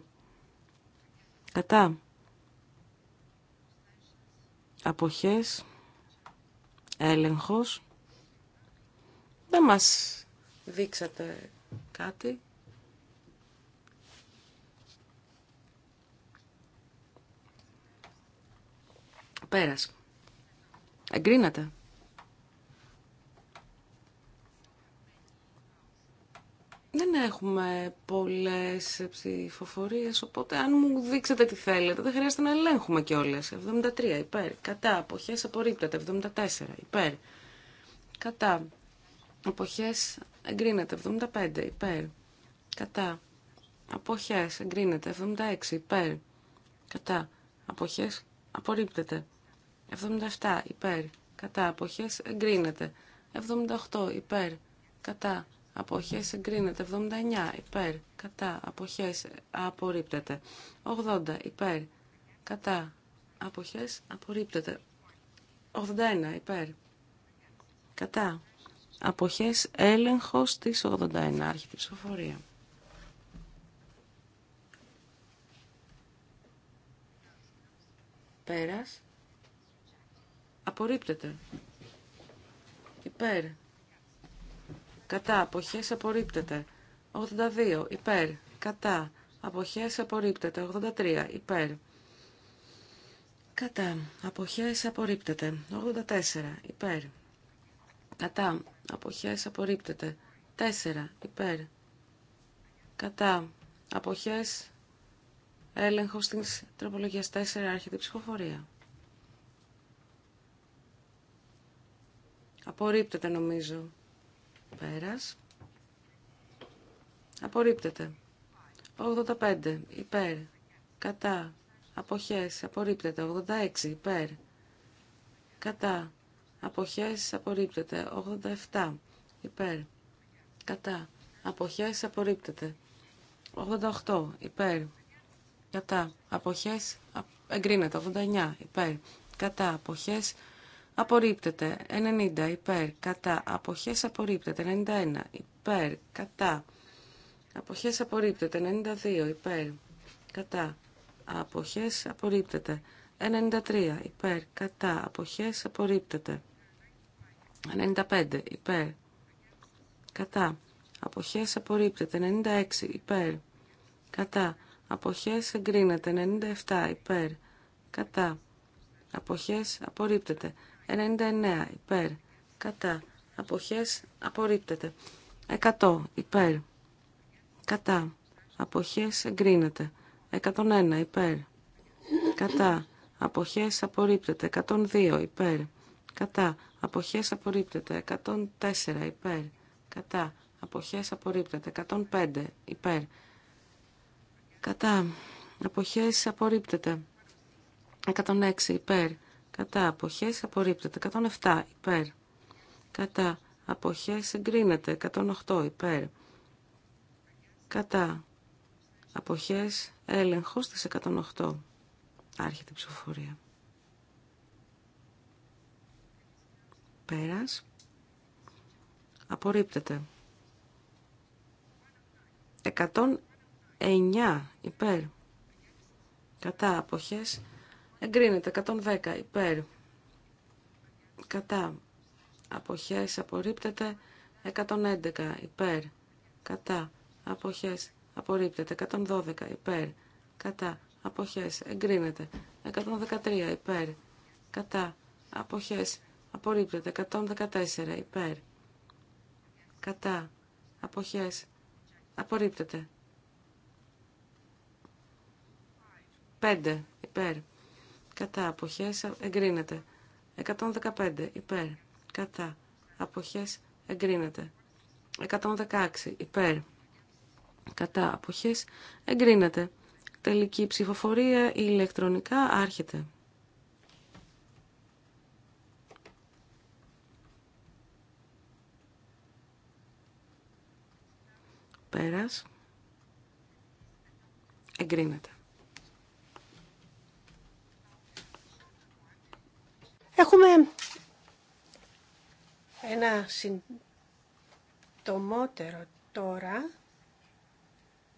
Κατά. Αποχές. Έλεγχος. Δεν μας δείξατε κάτι. Πέρας. Εγκρίνατε. Δεν έχουμε πολλές ψηφοφορίε. οπότε αν μου δείξετε τι θέλετε, δεν χρειάζεται να ελέγχουμε κιόλας. 73 υπέρ, κατά, αποχές απορρίπτεται, 74 υπέρ, κατά, αποχές εγκρίνεται, 75 υπέρ, κατά, αποχές εγκρίνεται, 76 υπέρ, κατά, αποχές απορρίπτεται, 77 υπέρ κατά αποχές εγκρίνεται. 78 υπέρ κατά αποχές εγκρίνεται. 79 υπέρ κατά αποχές απορρίπτεται. 80 υπέρ κατά αποχές απορρίπτεται. 81 υπέρ κατά αποχές έλεγχος της 81 άρχη ψηφοφορία. Πέρας απορρίπτεται. Υπέρ. Κατά αποχές απορρίπτεται. 82. Υπέρ. Κατά. Αποχές απορρίπτεται. 83. Υπέρ. Κατά. Αποχές απορρίπτεται. 84. Υπέρ. Κατά. Αποχές απορρίπτεται. 4. Υπέρ. Κατά. Αποχές. Έλεγχο τη τροπολογία. 4. Άρχεται η Απορρίπτεται νομίζω. Πέρας. Απορρίπτεται. 85. Υπέρ. Κατά. Αποχές. Απορρίπτεται. 86. Υπέρ. Κατά. Αποχές. Απορρίπτεται. 87. Υπέρ. Κατά. Αποχές. Απορρίπτεται. 88. Υπέρ. Κατά. Αποχές. Εγκρίνεται. 89. Υπέρ. Κατά. Αποχές απορρίπτεται. 90 υπέρ κατά αποχές απορρίπτεται. 91 υπέρ κατά αποχές απορρίπτεται. 92 υπέρ κατά αποχές απορρίπτεται. 93 υπέρ κατά αποχές απορρίπτεται. 95 υπέρ κατά αποχές απορρίπτεται. 96 υπέρ κατά αποχές εγκρίνεται. 97 υπέρ κατά αποχές απορρίπτεται. 99 υπέρ κατά αποχές απορρίπτεται. 100 υπέρ κατά αποχές εγκρίνεται. 101 υπέρ κατά αποχές απορρίπτεται. 102 υπέρ κατά αποχές απορρίπτεται. 104 υπέρ κατά αποχές απορρίπτεται. 105 υπέρ κατά αποχές απορρίπτεται. 106 υπέρ κατά αποχές απορρίπτεται 107 υπέρ κατά αποχές εγκρίνεται 108 υπέρ κατά αποχές έλεγχος της 108 άρχεται η ψηφοφορία πέρας απορρίπτεται 109 υπέρ κατά αποχές Εγκρίνεται 110 υπέρ. Κατά. Αποχές απορρίπτεται 111 υπέρ. Κατά. Αποχές απορρίπτεται 112 υπέρ. Κατά. Αποχές εγκρίνεται 113 υπέρ. Κατά. Αποχές απορρίπτεται 114 υπέρ. Κατά. Αποχές απορρίπτεται 5 υπέρ κατά αποχές εγκρίνεται. 115 υπέρ κατά αποχές εγκρίνεται. 116 υπέρ κατά αποχές εγκρίνεται. Τελική ψηφοφορία ηλεκτρονικά άρχεται. Πέρας. Εγκρίνεται. Έχουμε ένα συντομότερο τώρα.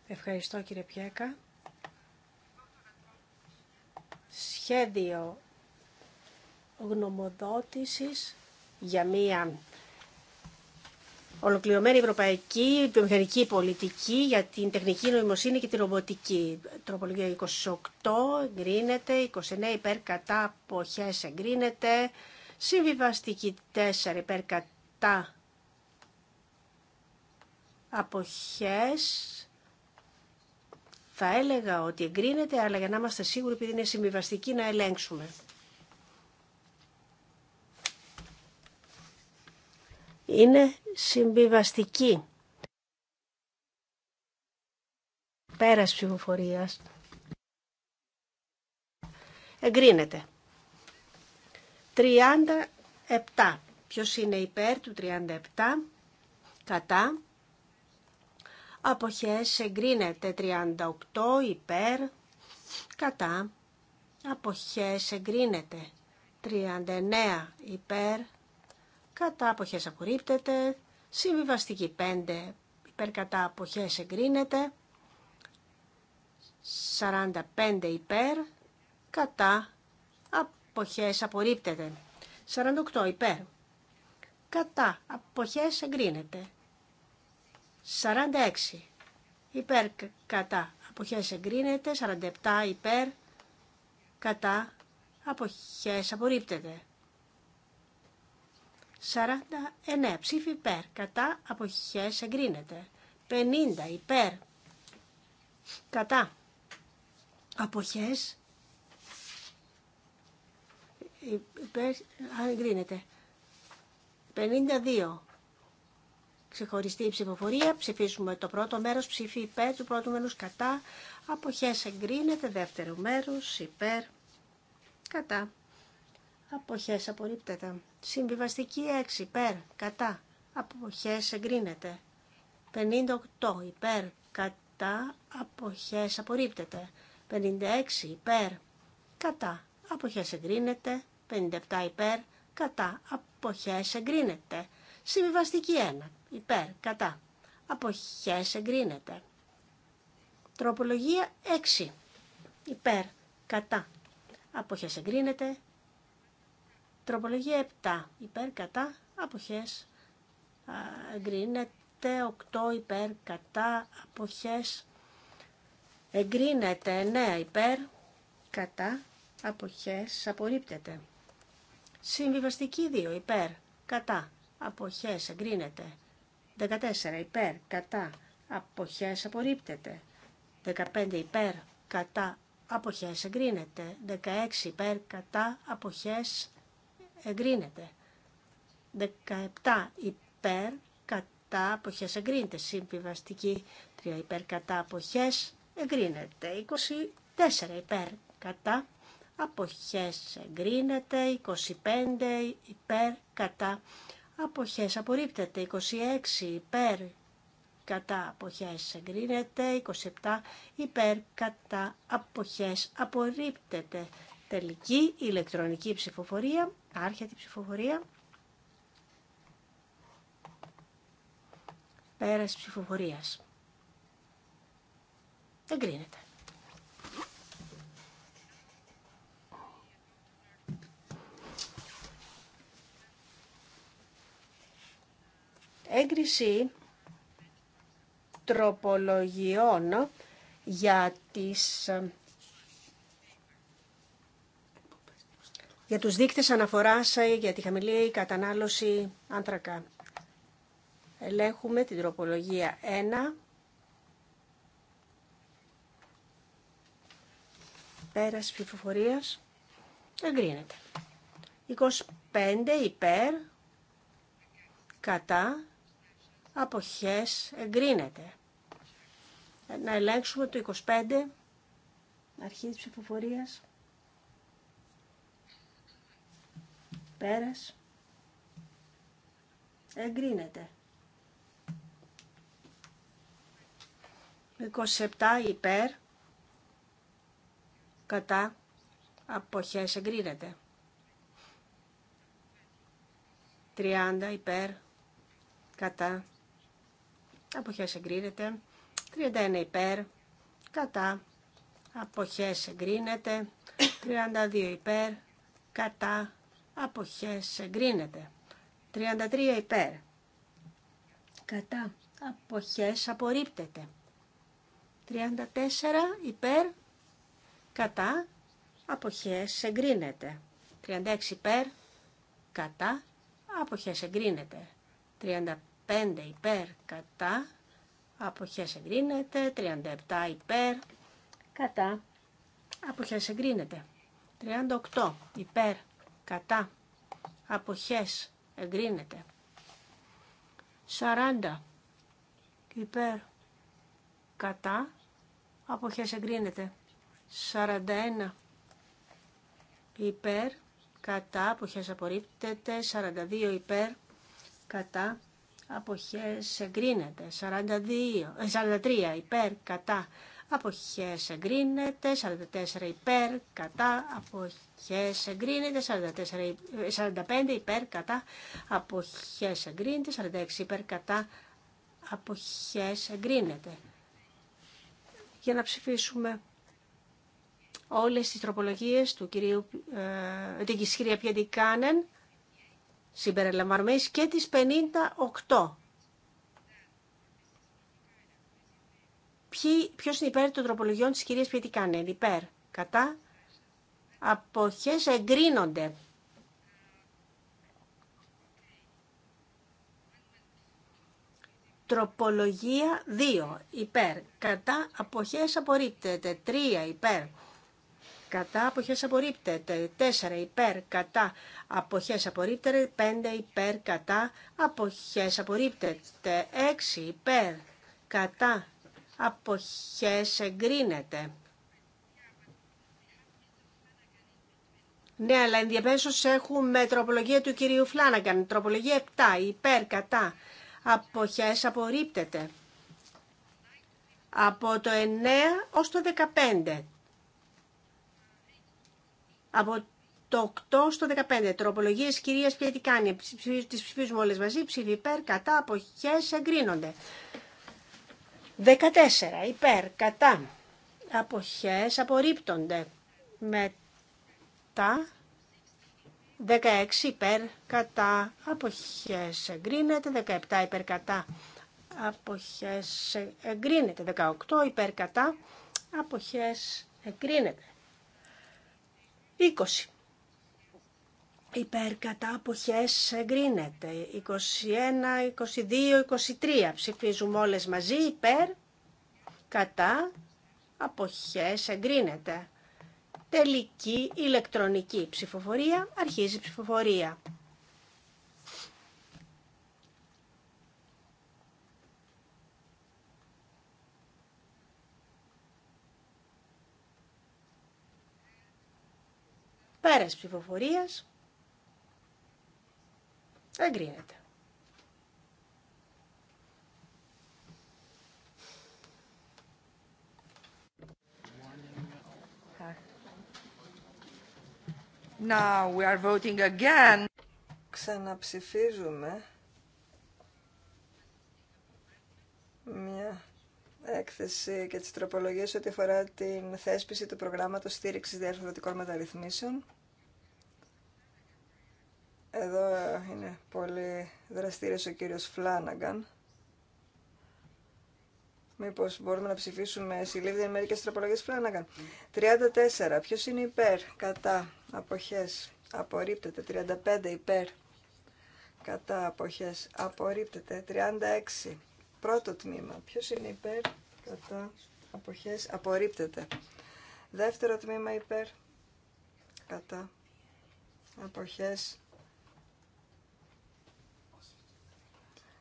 Ευχαριστώ κύριε Πιέκα. Σχέδιο γνωμοδότησης για μία ολοκληρωμένη ευρωπαϊκή βιομηχανική πολιτική για την τεχνική νοημοσύνη και τη ρομποτική. Τροπολογία 28 εγκρίνεται, 29 υπέρ κατά αποχές εγκρίνεται, συμβιβαστική 4 υπέρ κατά αποχές. Θα έλεγα ότι εγκρίνεται, αλλά για να είμαστε σίγουροι, επειδή είναι συμβιβαστική, να ελέγξουμε. είναι συμβιβαστική. Πέρας ψηφοφορίας. Εγκρίνεται. 37. Ποιος είναι υπέρ του 37. Κατά. Αποχές εγκρίνεται 38 υπέρ. Κατά. Αποχές εγκρίνεται 39 υπέρ κατά αποχές απορρίπτεται, συμβιβαστική 5 υπέρ κατά εγκρίνεται, 45 υπέρ κατά αποχές απορρίπτεται, 48 υπέρ κατά αποχές εγκρίνεται, 46 υπέρ κατά αποχές εγκρίνεται, 47 υπέρ κατά αποχές απορρίπτεται. 49 ψήφι υπέρ. Κατά αποχές εγκρίνεται. 50 υπέρ. Κατά αποχές υπέρ. εγκρίνεται. 52. Ξεχωριστή ψηφοφορία. Ψηφίσουμε το πρώτο μέρος ψήφι υπέρ του πρώτου μέρους κατά. Αποχές εγκρίνεται. Δεύτερο μέρος υπέρ. Κατά αποχές απορρίπτεται. Συμβιβαστική 6 υπέρ, κατά, αποχές εγκρίνεται. 58 υπέρ, κατά, αποχές απορρίπτεται. 56 υπέρ, κατά, αποχές εγκρίνεται. 57 υπέρ, κατά, αποχές εγκρίνεται. Συμβιβαστική 1 υπέρ, κατά, αποχές εγκρίνεται. Τροπολογία 6 υπέρ, κατά, αποχές εγκρίνεται. Τροπολογία 7 υπέρ κατά αποχές εγκρίνεται. 8 υπέρ κατά αποχές εγκρίνεται. 9 υπέρ κατά αποχές απορρίπτεται. Συμβιβαστική 2 υπέρ κατά αποχές εγκρίνεται. 14 υπέρ κατά αποχές απορρίπτεται. 15 υπέρ κατά αποχές εγκρίνεται. 16 υπέρ κατά αποχές εγκρίνεται. 17 υπέρ κατά αποχές εγκρίνεται. Συμβιβαστική 3 υπέρ κατά αποχές εγκρίνεται. 24 υπέρ κατά αποχές εγκρίνεται. 25 υπέρ κατά αποχές απορρίπτεται. 26 υπέρ κατά αποχές εγκρίνεται, 27 υπέρ κατά αποχές απορρίπτεται. Τελική ηλεκτρονική ψηφοφορία άρχια η ψηφοφορία. Πέρας ψηφοφορίας. Εγκρίνεται. Έγκριση τροπολογιών για τις για τους δείκτες αναφοράς ε, για τη χαμηλή κατανάλωση άνθρακα. Ελέγχουμε την τροπολογία 1. Πέρας ψηφοφορίας. Εγκρίνεται. 25 υπέρ. Κατά. Αποχές. Εγκρίνεται. Να ελέγξουμε το 25. Αρχή της ψηφοφορίας. Πέρας. Εγκρίνεται. 27 υπέρ. Κατά. Αποχές εγκρίνεται. 30 υπέρ. Κατά. Αποχές εγκρίνεται. 31 υπέρ. Κατά. Αποχές εγκρίνεται. 32 υπέρ. Κατά αποχές εγκρίνεται. 33 υπέρ. Κατά αποχές απορρίπτεται. 34 υπέρ. Κατά αποχές εγκρίνεται. 36 υπέρ. Κατά αποχές εγκρίνεται. 35 υπέρ. Κατά αποχές εγκρίνεται. 37 υπέρ. Κατά αποχές εγκρίνεται. 38 υπέρ κατά, αποχές, εγκρίνεται. 40 υπέρ, κατά, αποχές, εγκρίνεται. 41 υπέρ, κατά, αποχές, απορρίπτεται. 42 υπέρ, κατά, αποχές, εγκρίνεται. 42, 43 ε, υπέρ, κατά, αποχές εγκρίνεται, 44 υπέρ, κατά, αποχές εγκρίνεται, 44, 45 ε, υπέρ, κατά, αποχές εγκρίνεται, 46 υπέρ, κατά, αποχές εγκρίνεται. Για να ψηφίσουμε όλες τις τροπολογίες του κυρίου, ε, την κυρία Πιεντικάνεν, συμπεριλαμβανομένης και της 58. ποιο είναι υπέρ των τροπολογιών της κυρίας Πιετικάνελ. Υπέρ. Κατά. Αποχές εγκρίνονται. Τροπολογία 2. Υπέρ. Κατά αποχές απορρίπτεται. 3. Υπέρ. Κατά αποχές απορρίπτεται. 4. Υπέρ. Κατά αποχές απορρίπτεται. 5. Υπέρ. Κατά αποχές απορρίπτεται. 6. Υπέρ. Κατά αποχές εγκρίνεται. Ναι, αλλά ενδιαμέσως έχουμε τροπολογία του κυρίου Φλάνακαν. Τροπολογία 7, υπέρ, κατά. Αποχές απορρίπτεται. Από το 9 ως το 15. Από το 8 στο 15. Τροπολογίε κυρία Πιετικάνη. Τι ψηφίζουμε όλε μαζί. Ψήφι υπέρ, κατά, αποχέ εγκρίνονται. 14 υπέρ κατά αποχές απορρίπτονται. Μετά 16 υπέρ κατά αποχές εγκρίνεται. 17 υπέρ κατά αποχές εγκρίνεται. 18 υπέρ κατά αποχές εγκρίνεται. 20 Υπέρ κατά αποχές εγκρίνεται. 21, 22, 23 ψηφίζουμε όλες μαζί. Υπέρ κατά αποχές εγκρίνεται. Τελική ηλεκτρονική ψηφοφορία. Αρχίζει η ψηφοφορία. Πέρας ψηφοφορίας. Εγκρίνεται. Now we are voting again. Ξαναψηφίζουμε μια έκθεση και τις τροπολογίες ό,τι αφορά την θέσπιση του προγράμματος στήριξης διαρθρωτικών μεταρρυθμίσεων. Εδώ είναι πολύ δραστήριος ο κύριος Φλάναγκαν. Μήπως μπορούμε να ψηφίσουμε συλλήβδια μερικές τροπολογίες Φλάναγκαν. 34. Ποιος είναι υπέρ, κατά, αποχές, απορρίπτεται. 35 υπέρ, κατά, αποχές, απορρίπτεται. 36. Πρώτο τμήμα. Ποιος είναι υπέρ, κατά, αποχές, απορρίπτεται. Δεύτερο τμήμα υπέρ, κατά, αποχές,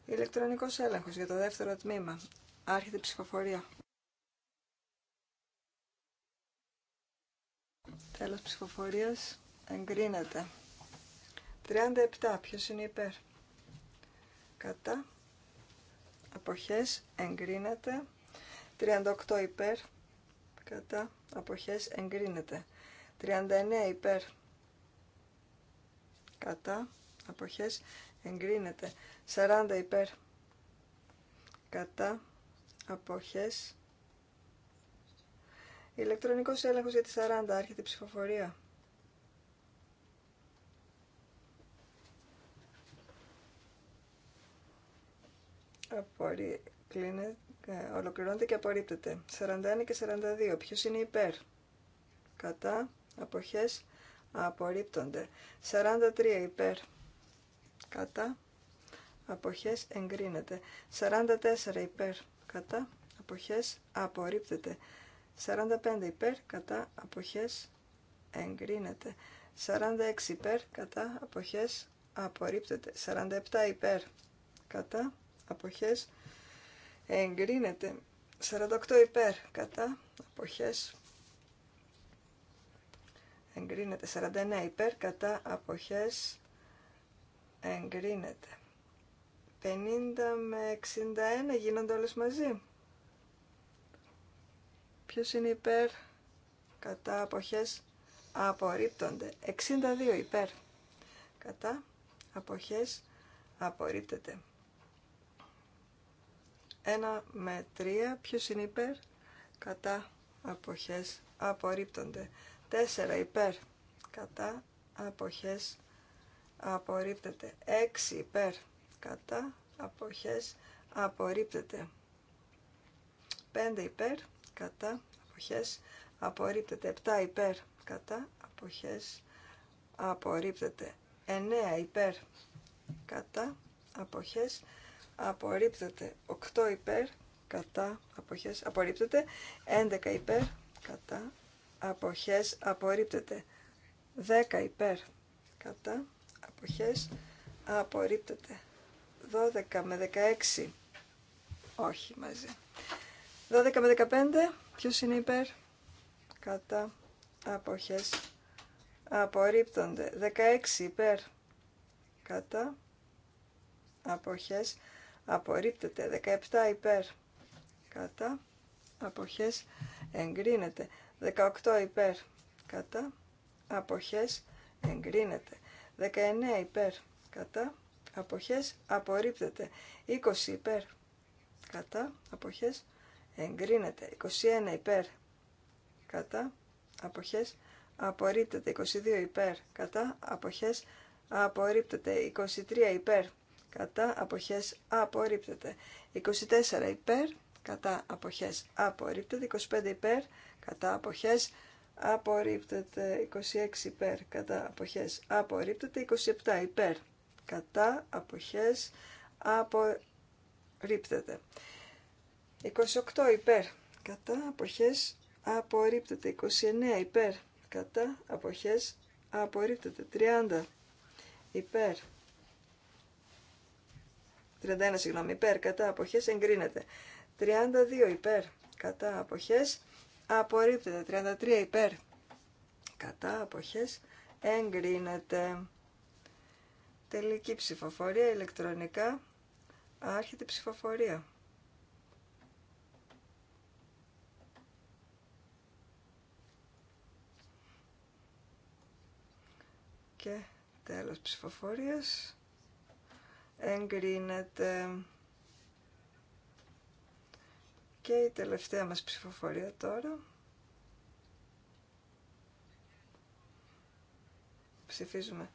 Ηλεκτρονικός έλεγχος για το δεύτερο τμήμα. Άρχεται ψηφοφορία. Τέλος ψηφοφορίας. Εγκρίνεται. 37. Ποιος είναι υπέρ. Κατά. Αποχές. Εγκρίνεται. 38 υπέρ. Κατά. Αποχές. Εγκρίνεται. 39 υπέρ. Κατά. Αποχές. Εγκρίνεται. 40 υπέρ κατά αποχές ηλεκτρονικός έλεγχος για τη 40 άρχεται η ψηφοφορία Απορρι... Ε, ολοκληρώνεται και απορρίπτεται 41 και 42 Ποιο είναι υπέρ κατά αποχές απορρίπτονται 43 υπέρ κατά αποχές εγκρίνεται. 44 υπέρ κατά αποχές απορρίπτεται. 45 υπέρ κατά αποχές εγκρίνεται. 46 υπέρ κατά αποχές απορρίπτεται. 47 υπέρ κατά αποχές εγκρίνεται. 48 υπέρ κατά αποχές εγκρίνεται. 49 υπέρ κατά αποχές εγκρίνεται. 50 με 61 γίνονται όλες μαζί. Ποιος είναι υπέρ, κατά αποχές, απορρίπτονται. 62 υπέρ, κατά αποχές, απορρίπτεται. 1 με 3, ποιος είναι υπέρ, κατά αποχές, απορρίπτονται. 4 υπέρ, κατά αποχές, απορρίπτεται. 6 υπέρ, κατά αποχές απορρίπτεται. 5 υπέρ κατά αποχές απορρίπτεται. 7 υπέρ κατά αποχές απορρίπτεται. 9 υπέρ κατά αποχές απορρίπτεται. 8 υπέρ κατά αποχές απορρίπτεται. 11 υπέρ κατά αποχές απορρίπτεται. 10 υπέρ κατά αποχές απορρίπτεται. 12 με 16. Όχι μαζί. 12 με 15. Ποιος είναι υπέρ. Κατά. Αποχές. Απορρίπτονται. 16 υπέρ. Κατά. Αποχές. Απορρίπτεται. 17 υπέρ. Κατά. Αποχές. Εγκρίνεται. 18 υπέρ. Κατά. Αποχές. Εγκρίνεται. 19 υπέρ. Κατά αποχές απορρίπτεται. 20 υπέρ κατά αποχές εγκρίνεται. 21 υπέρ κατά αποχές απορρίπτεται. 22 υπέρ κατά αποχές απορρίπτεται. 23 υπέρ κατά αποχές απορρίπτεται. 24 υπέρ κατά αποχές απορρίπτεται. 25 υπέρ κατά αποχές απορρίπτεται. 26 υπέρ κατά αποχές απορρίπτεται. 27 υπέρ κατά αποχές απορρίπτεται. 28 υπέρ κατά αποχές απορρίπτεται. 29 υπέρ κατά αποχές απορρίπτεται. 30 υπέρ 31 συγγνώμη υπέρ κατά αποχές εγκρίνεται. 32 υπέρ κατά αποχές απορρίπτεται. 33 υπέρ κατά αποχές εγκρίνεται. Τελική ψηφοφορία ηλεκτρονικά. Άρχεται ψηφοφορία. Και τέλος ψηφοφορίας. Εγκρίνεται. Και η τελευταία μας ψηφοφορία τώρα. Ψηφίζουμε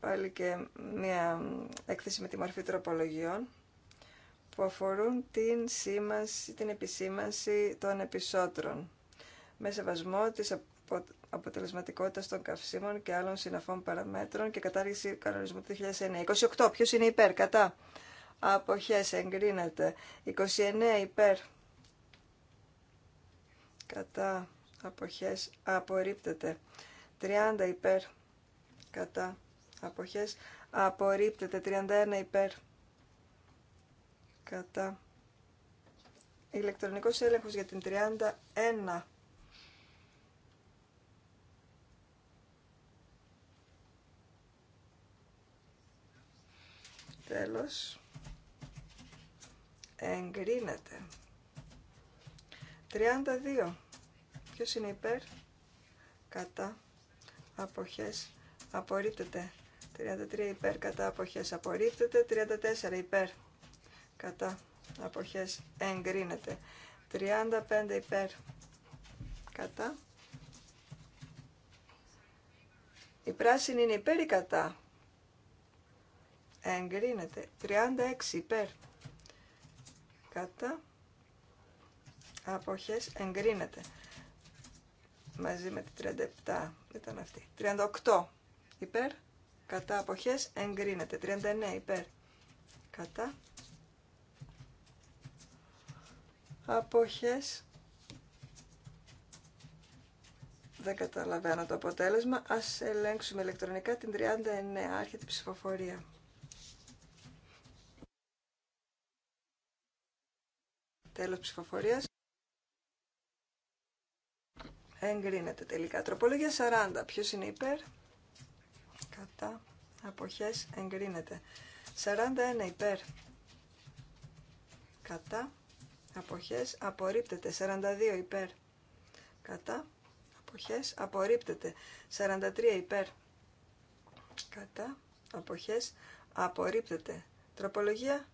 πάλι και μια έκθεση με τη μορφή τροπολογιών που αφορούν την, σήμανση, την επισήμανση των επισώτρων με σεβασμό της αποτελεσματικότητας των καυσίμων και άλλων συναφών παραμέτρων και κατάργηση κανονισμού του 2009. 28. Ποιος είναι υπέρ, κατά. Αποχές, εγκρίνεται. 29. Υπέρ. Κατά. Αποχές, απορρίπτεται. 30. Υπέρ. Κατά αποχές απορρίπτεται 31 υπέρ κατά ηλεκτρονικός έλεγχος για την 31 τέλος εγκρίνεται 32 ποιος είναι υπέρ κατά αποχές απορρίπτεται 33 υπέρ κατά αποχές απορρίπτεται. 34 υπέρ κατά αποχές εγκρίνεται. 35 υπέρ κατά. Η πράσινη είναι υπέρ ή κατά. Εγκρίνεται. 36 υπέρ κατά. Αποχές εγκρίνεται. Μαζί με τη 37 ήταν αυτή. 38 υπέρ κατά αποχές εγκρίνεται. 39 υπέρ κατά αποχές δεν καταλαβαίνω το αποτέλεσμα. Ας ελέγξουμε ηλεκτρονικά την 39. Άρχεται ψηφοφορία. Τέλος ψηφοφορίας. Εγκρίνεται τελικά. Τροπολογία 40. Ποιος είναι υπέρ? κατά αποχές εγκρίνεται 41 υπέρ κατά αποχές απορρίπτεται 42 υπέρ κατά αποχές απορρίπτεται 43 υπέρ κατά αποχές απορρίπτεται τροπολογία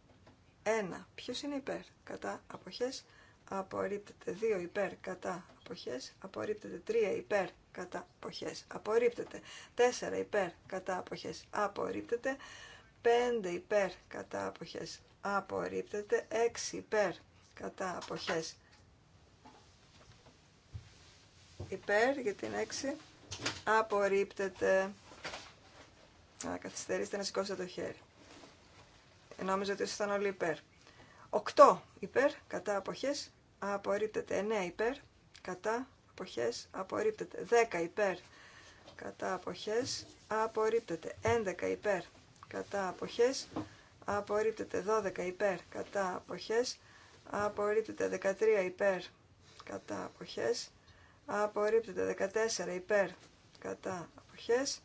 1 ποιος είναι υπέρ κατά αποχές απορρίπτεται 2 υπέρ κατά αποχές, απορρίπτεται 3 υπέρ κατά αποχές, απορρίπτεται 4 υπέρ κατά αποχές, απορρίπτεται 5 υπέρ κατά αποχές, απορρίπτεται 6 υπέρ κατά αποχές, υπέρ για την 6 απορρίπτεται. Να καθυστερήσετε να σηκώσετε το χέρι. Ε, νόμιζα ότι ήσασταν όλοι υπέρ. 8 υπέρ κατά αποχές απορρίπτεται 9 υπέρ, κατά αποχές απορρίπτεται 10 υπέρ, κατά αποχές απορρίπτεται 11 υπέρ, κατά αποχές απορρίπτεται 12 υπέρ, κατά αποχές απορρίπτεται 13 υπέρ, κατά αποχές απορρίπτεται 14 υπέρ, κατά αποχές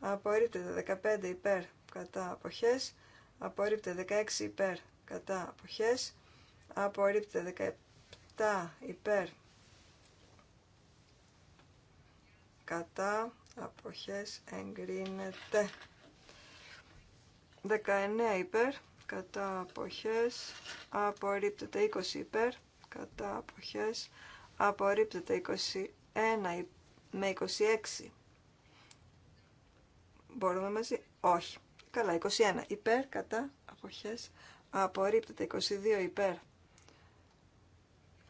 απορρίπτεται 15 υπέρ, κατά αποχές απορρίπτεται 16 υπέρ, κατά αποχές απορρίπτεται Κατά υπέρ κατά αποχές εγκρίνεται 19 υπέρ κατά αποχές απορρίπτεται 20 υπέρ κατά αποχές απορρίπτεται 21 με 26 μπορούμε μαζί όχι καλά 21 υπέρ κατά αποχές απορρίπτεται 22 υπέρ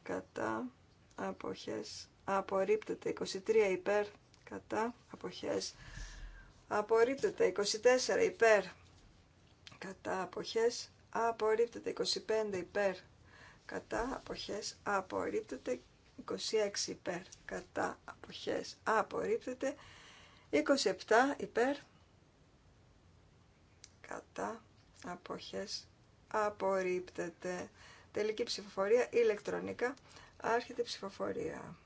κατά αποχές απορρίπτεται 23 υπέρ κατά αποχές απορρίπτεται 24 υπέρ κατά αποχές απορρίπτεται 25 υπέρ κατά αποχές απορρίπτεται 26 υπέρ κατά αποχές απορρίπτεται 27 υπέρ κατά αποχές απορρίπτεται Τελική ψηφοφορία ηλεκτρονικά. Άρχεται η ψηφοφορία.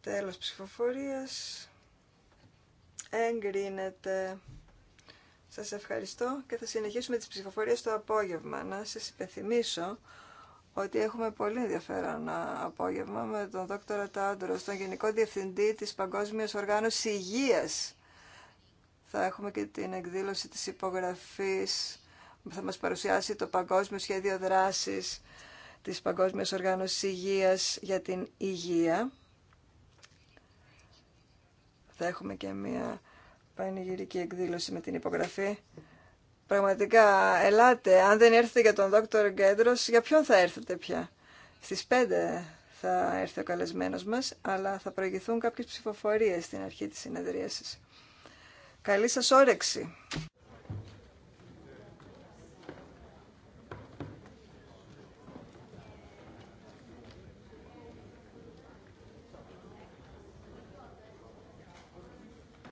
Τέλος ψηφοφορίας. Εγκρίνεται. Σας ευχαριστώ και θα συνεχίσουμε τις ψηφοφορίες το απόγευμα. Να σας υπενθυμίσω ότι έχουμε πολύ ενδιαφέρον απόγευμα με τον δόκτωρα Τάντρο, τον Γενικό Διευθυντή της Παγκόσμιας Οργάνωσης Υγείας θα έχουμε και την εκδήλωση της υπογραφής που θα μας παρουσιάσει το Παγκόσμιο Σχέδιο Δράσης της Παγκόσμιας Οργάνωσης Υγείας για την Υγεία. Θα έχουμε και μια πανηγυρική εκδήλωση με την υπογραφή. Πραγματικά, ελάτε. Αν δεν έρθετε για τον δόκτωρ Γκέντρος, για ποιον θα έρθετε πια. Στις 5 θα έρθει ο καλεσμένος μας, αλλά θα προηγηθούν κάποιες ψηφοφορίες στην αρχή της συνεδρίασης. Καλή σας όρεξη.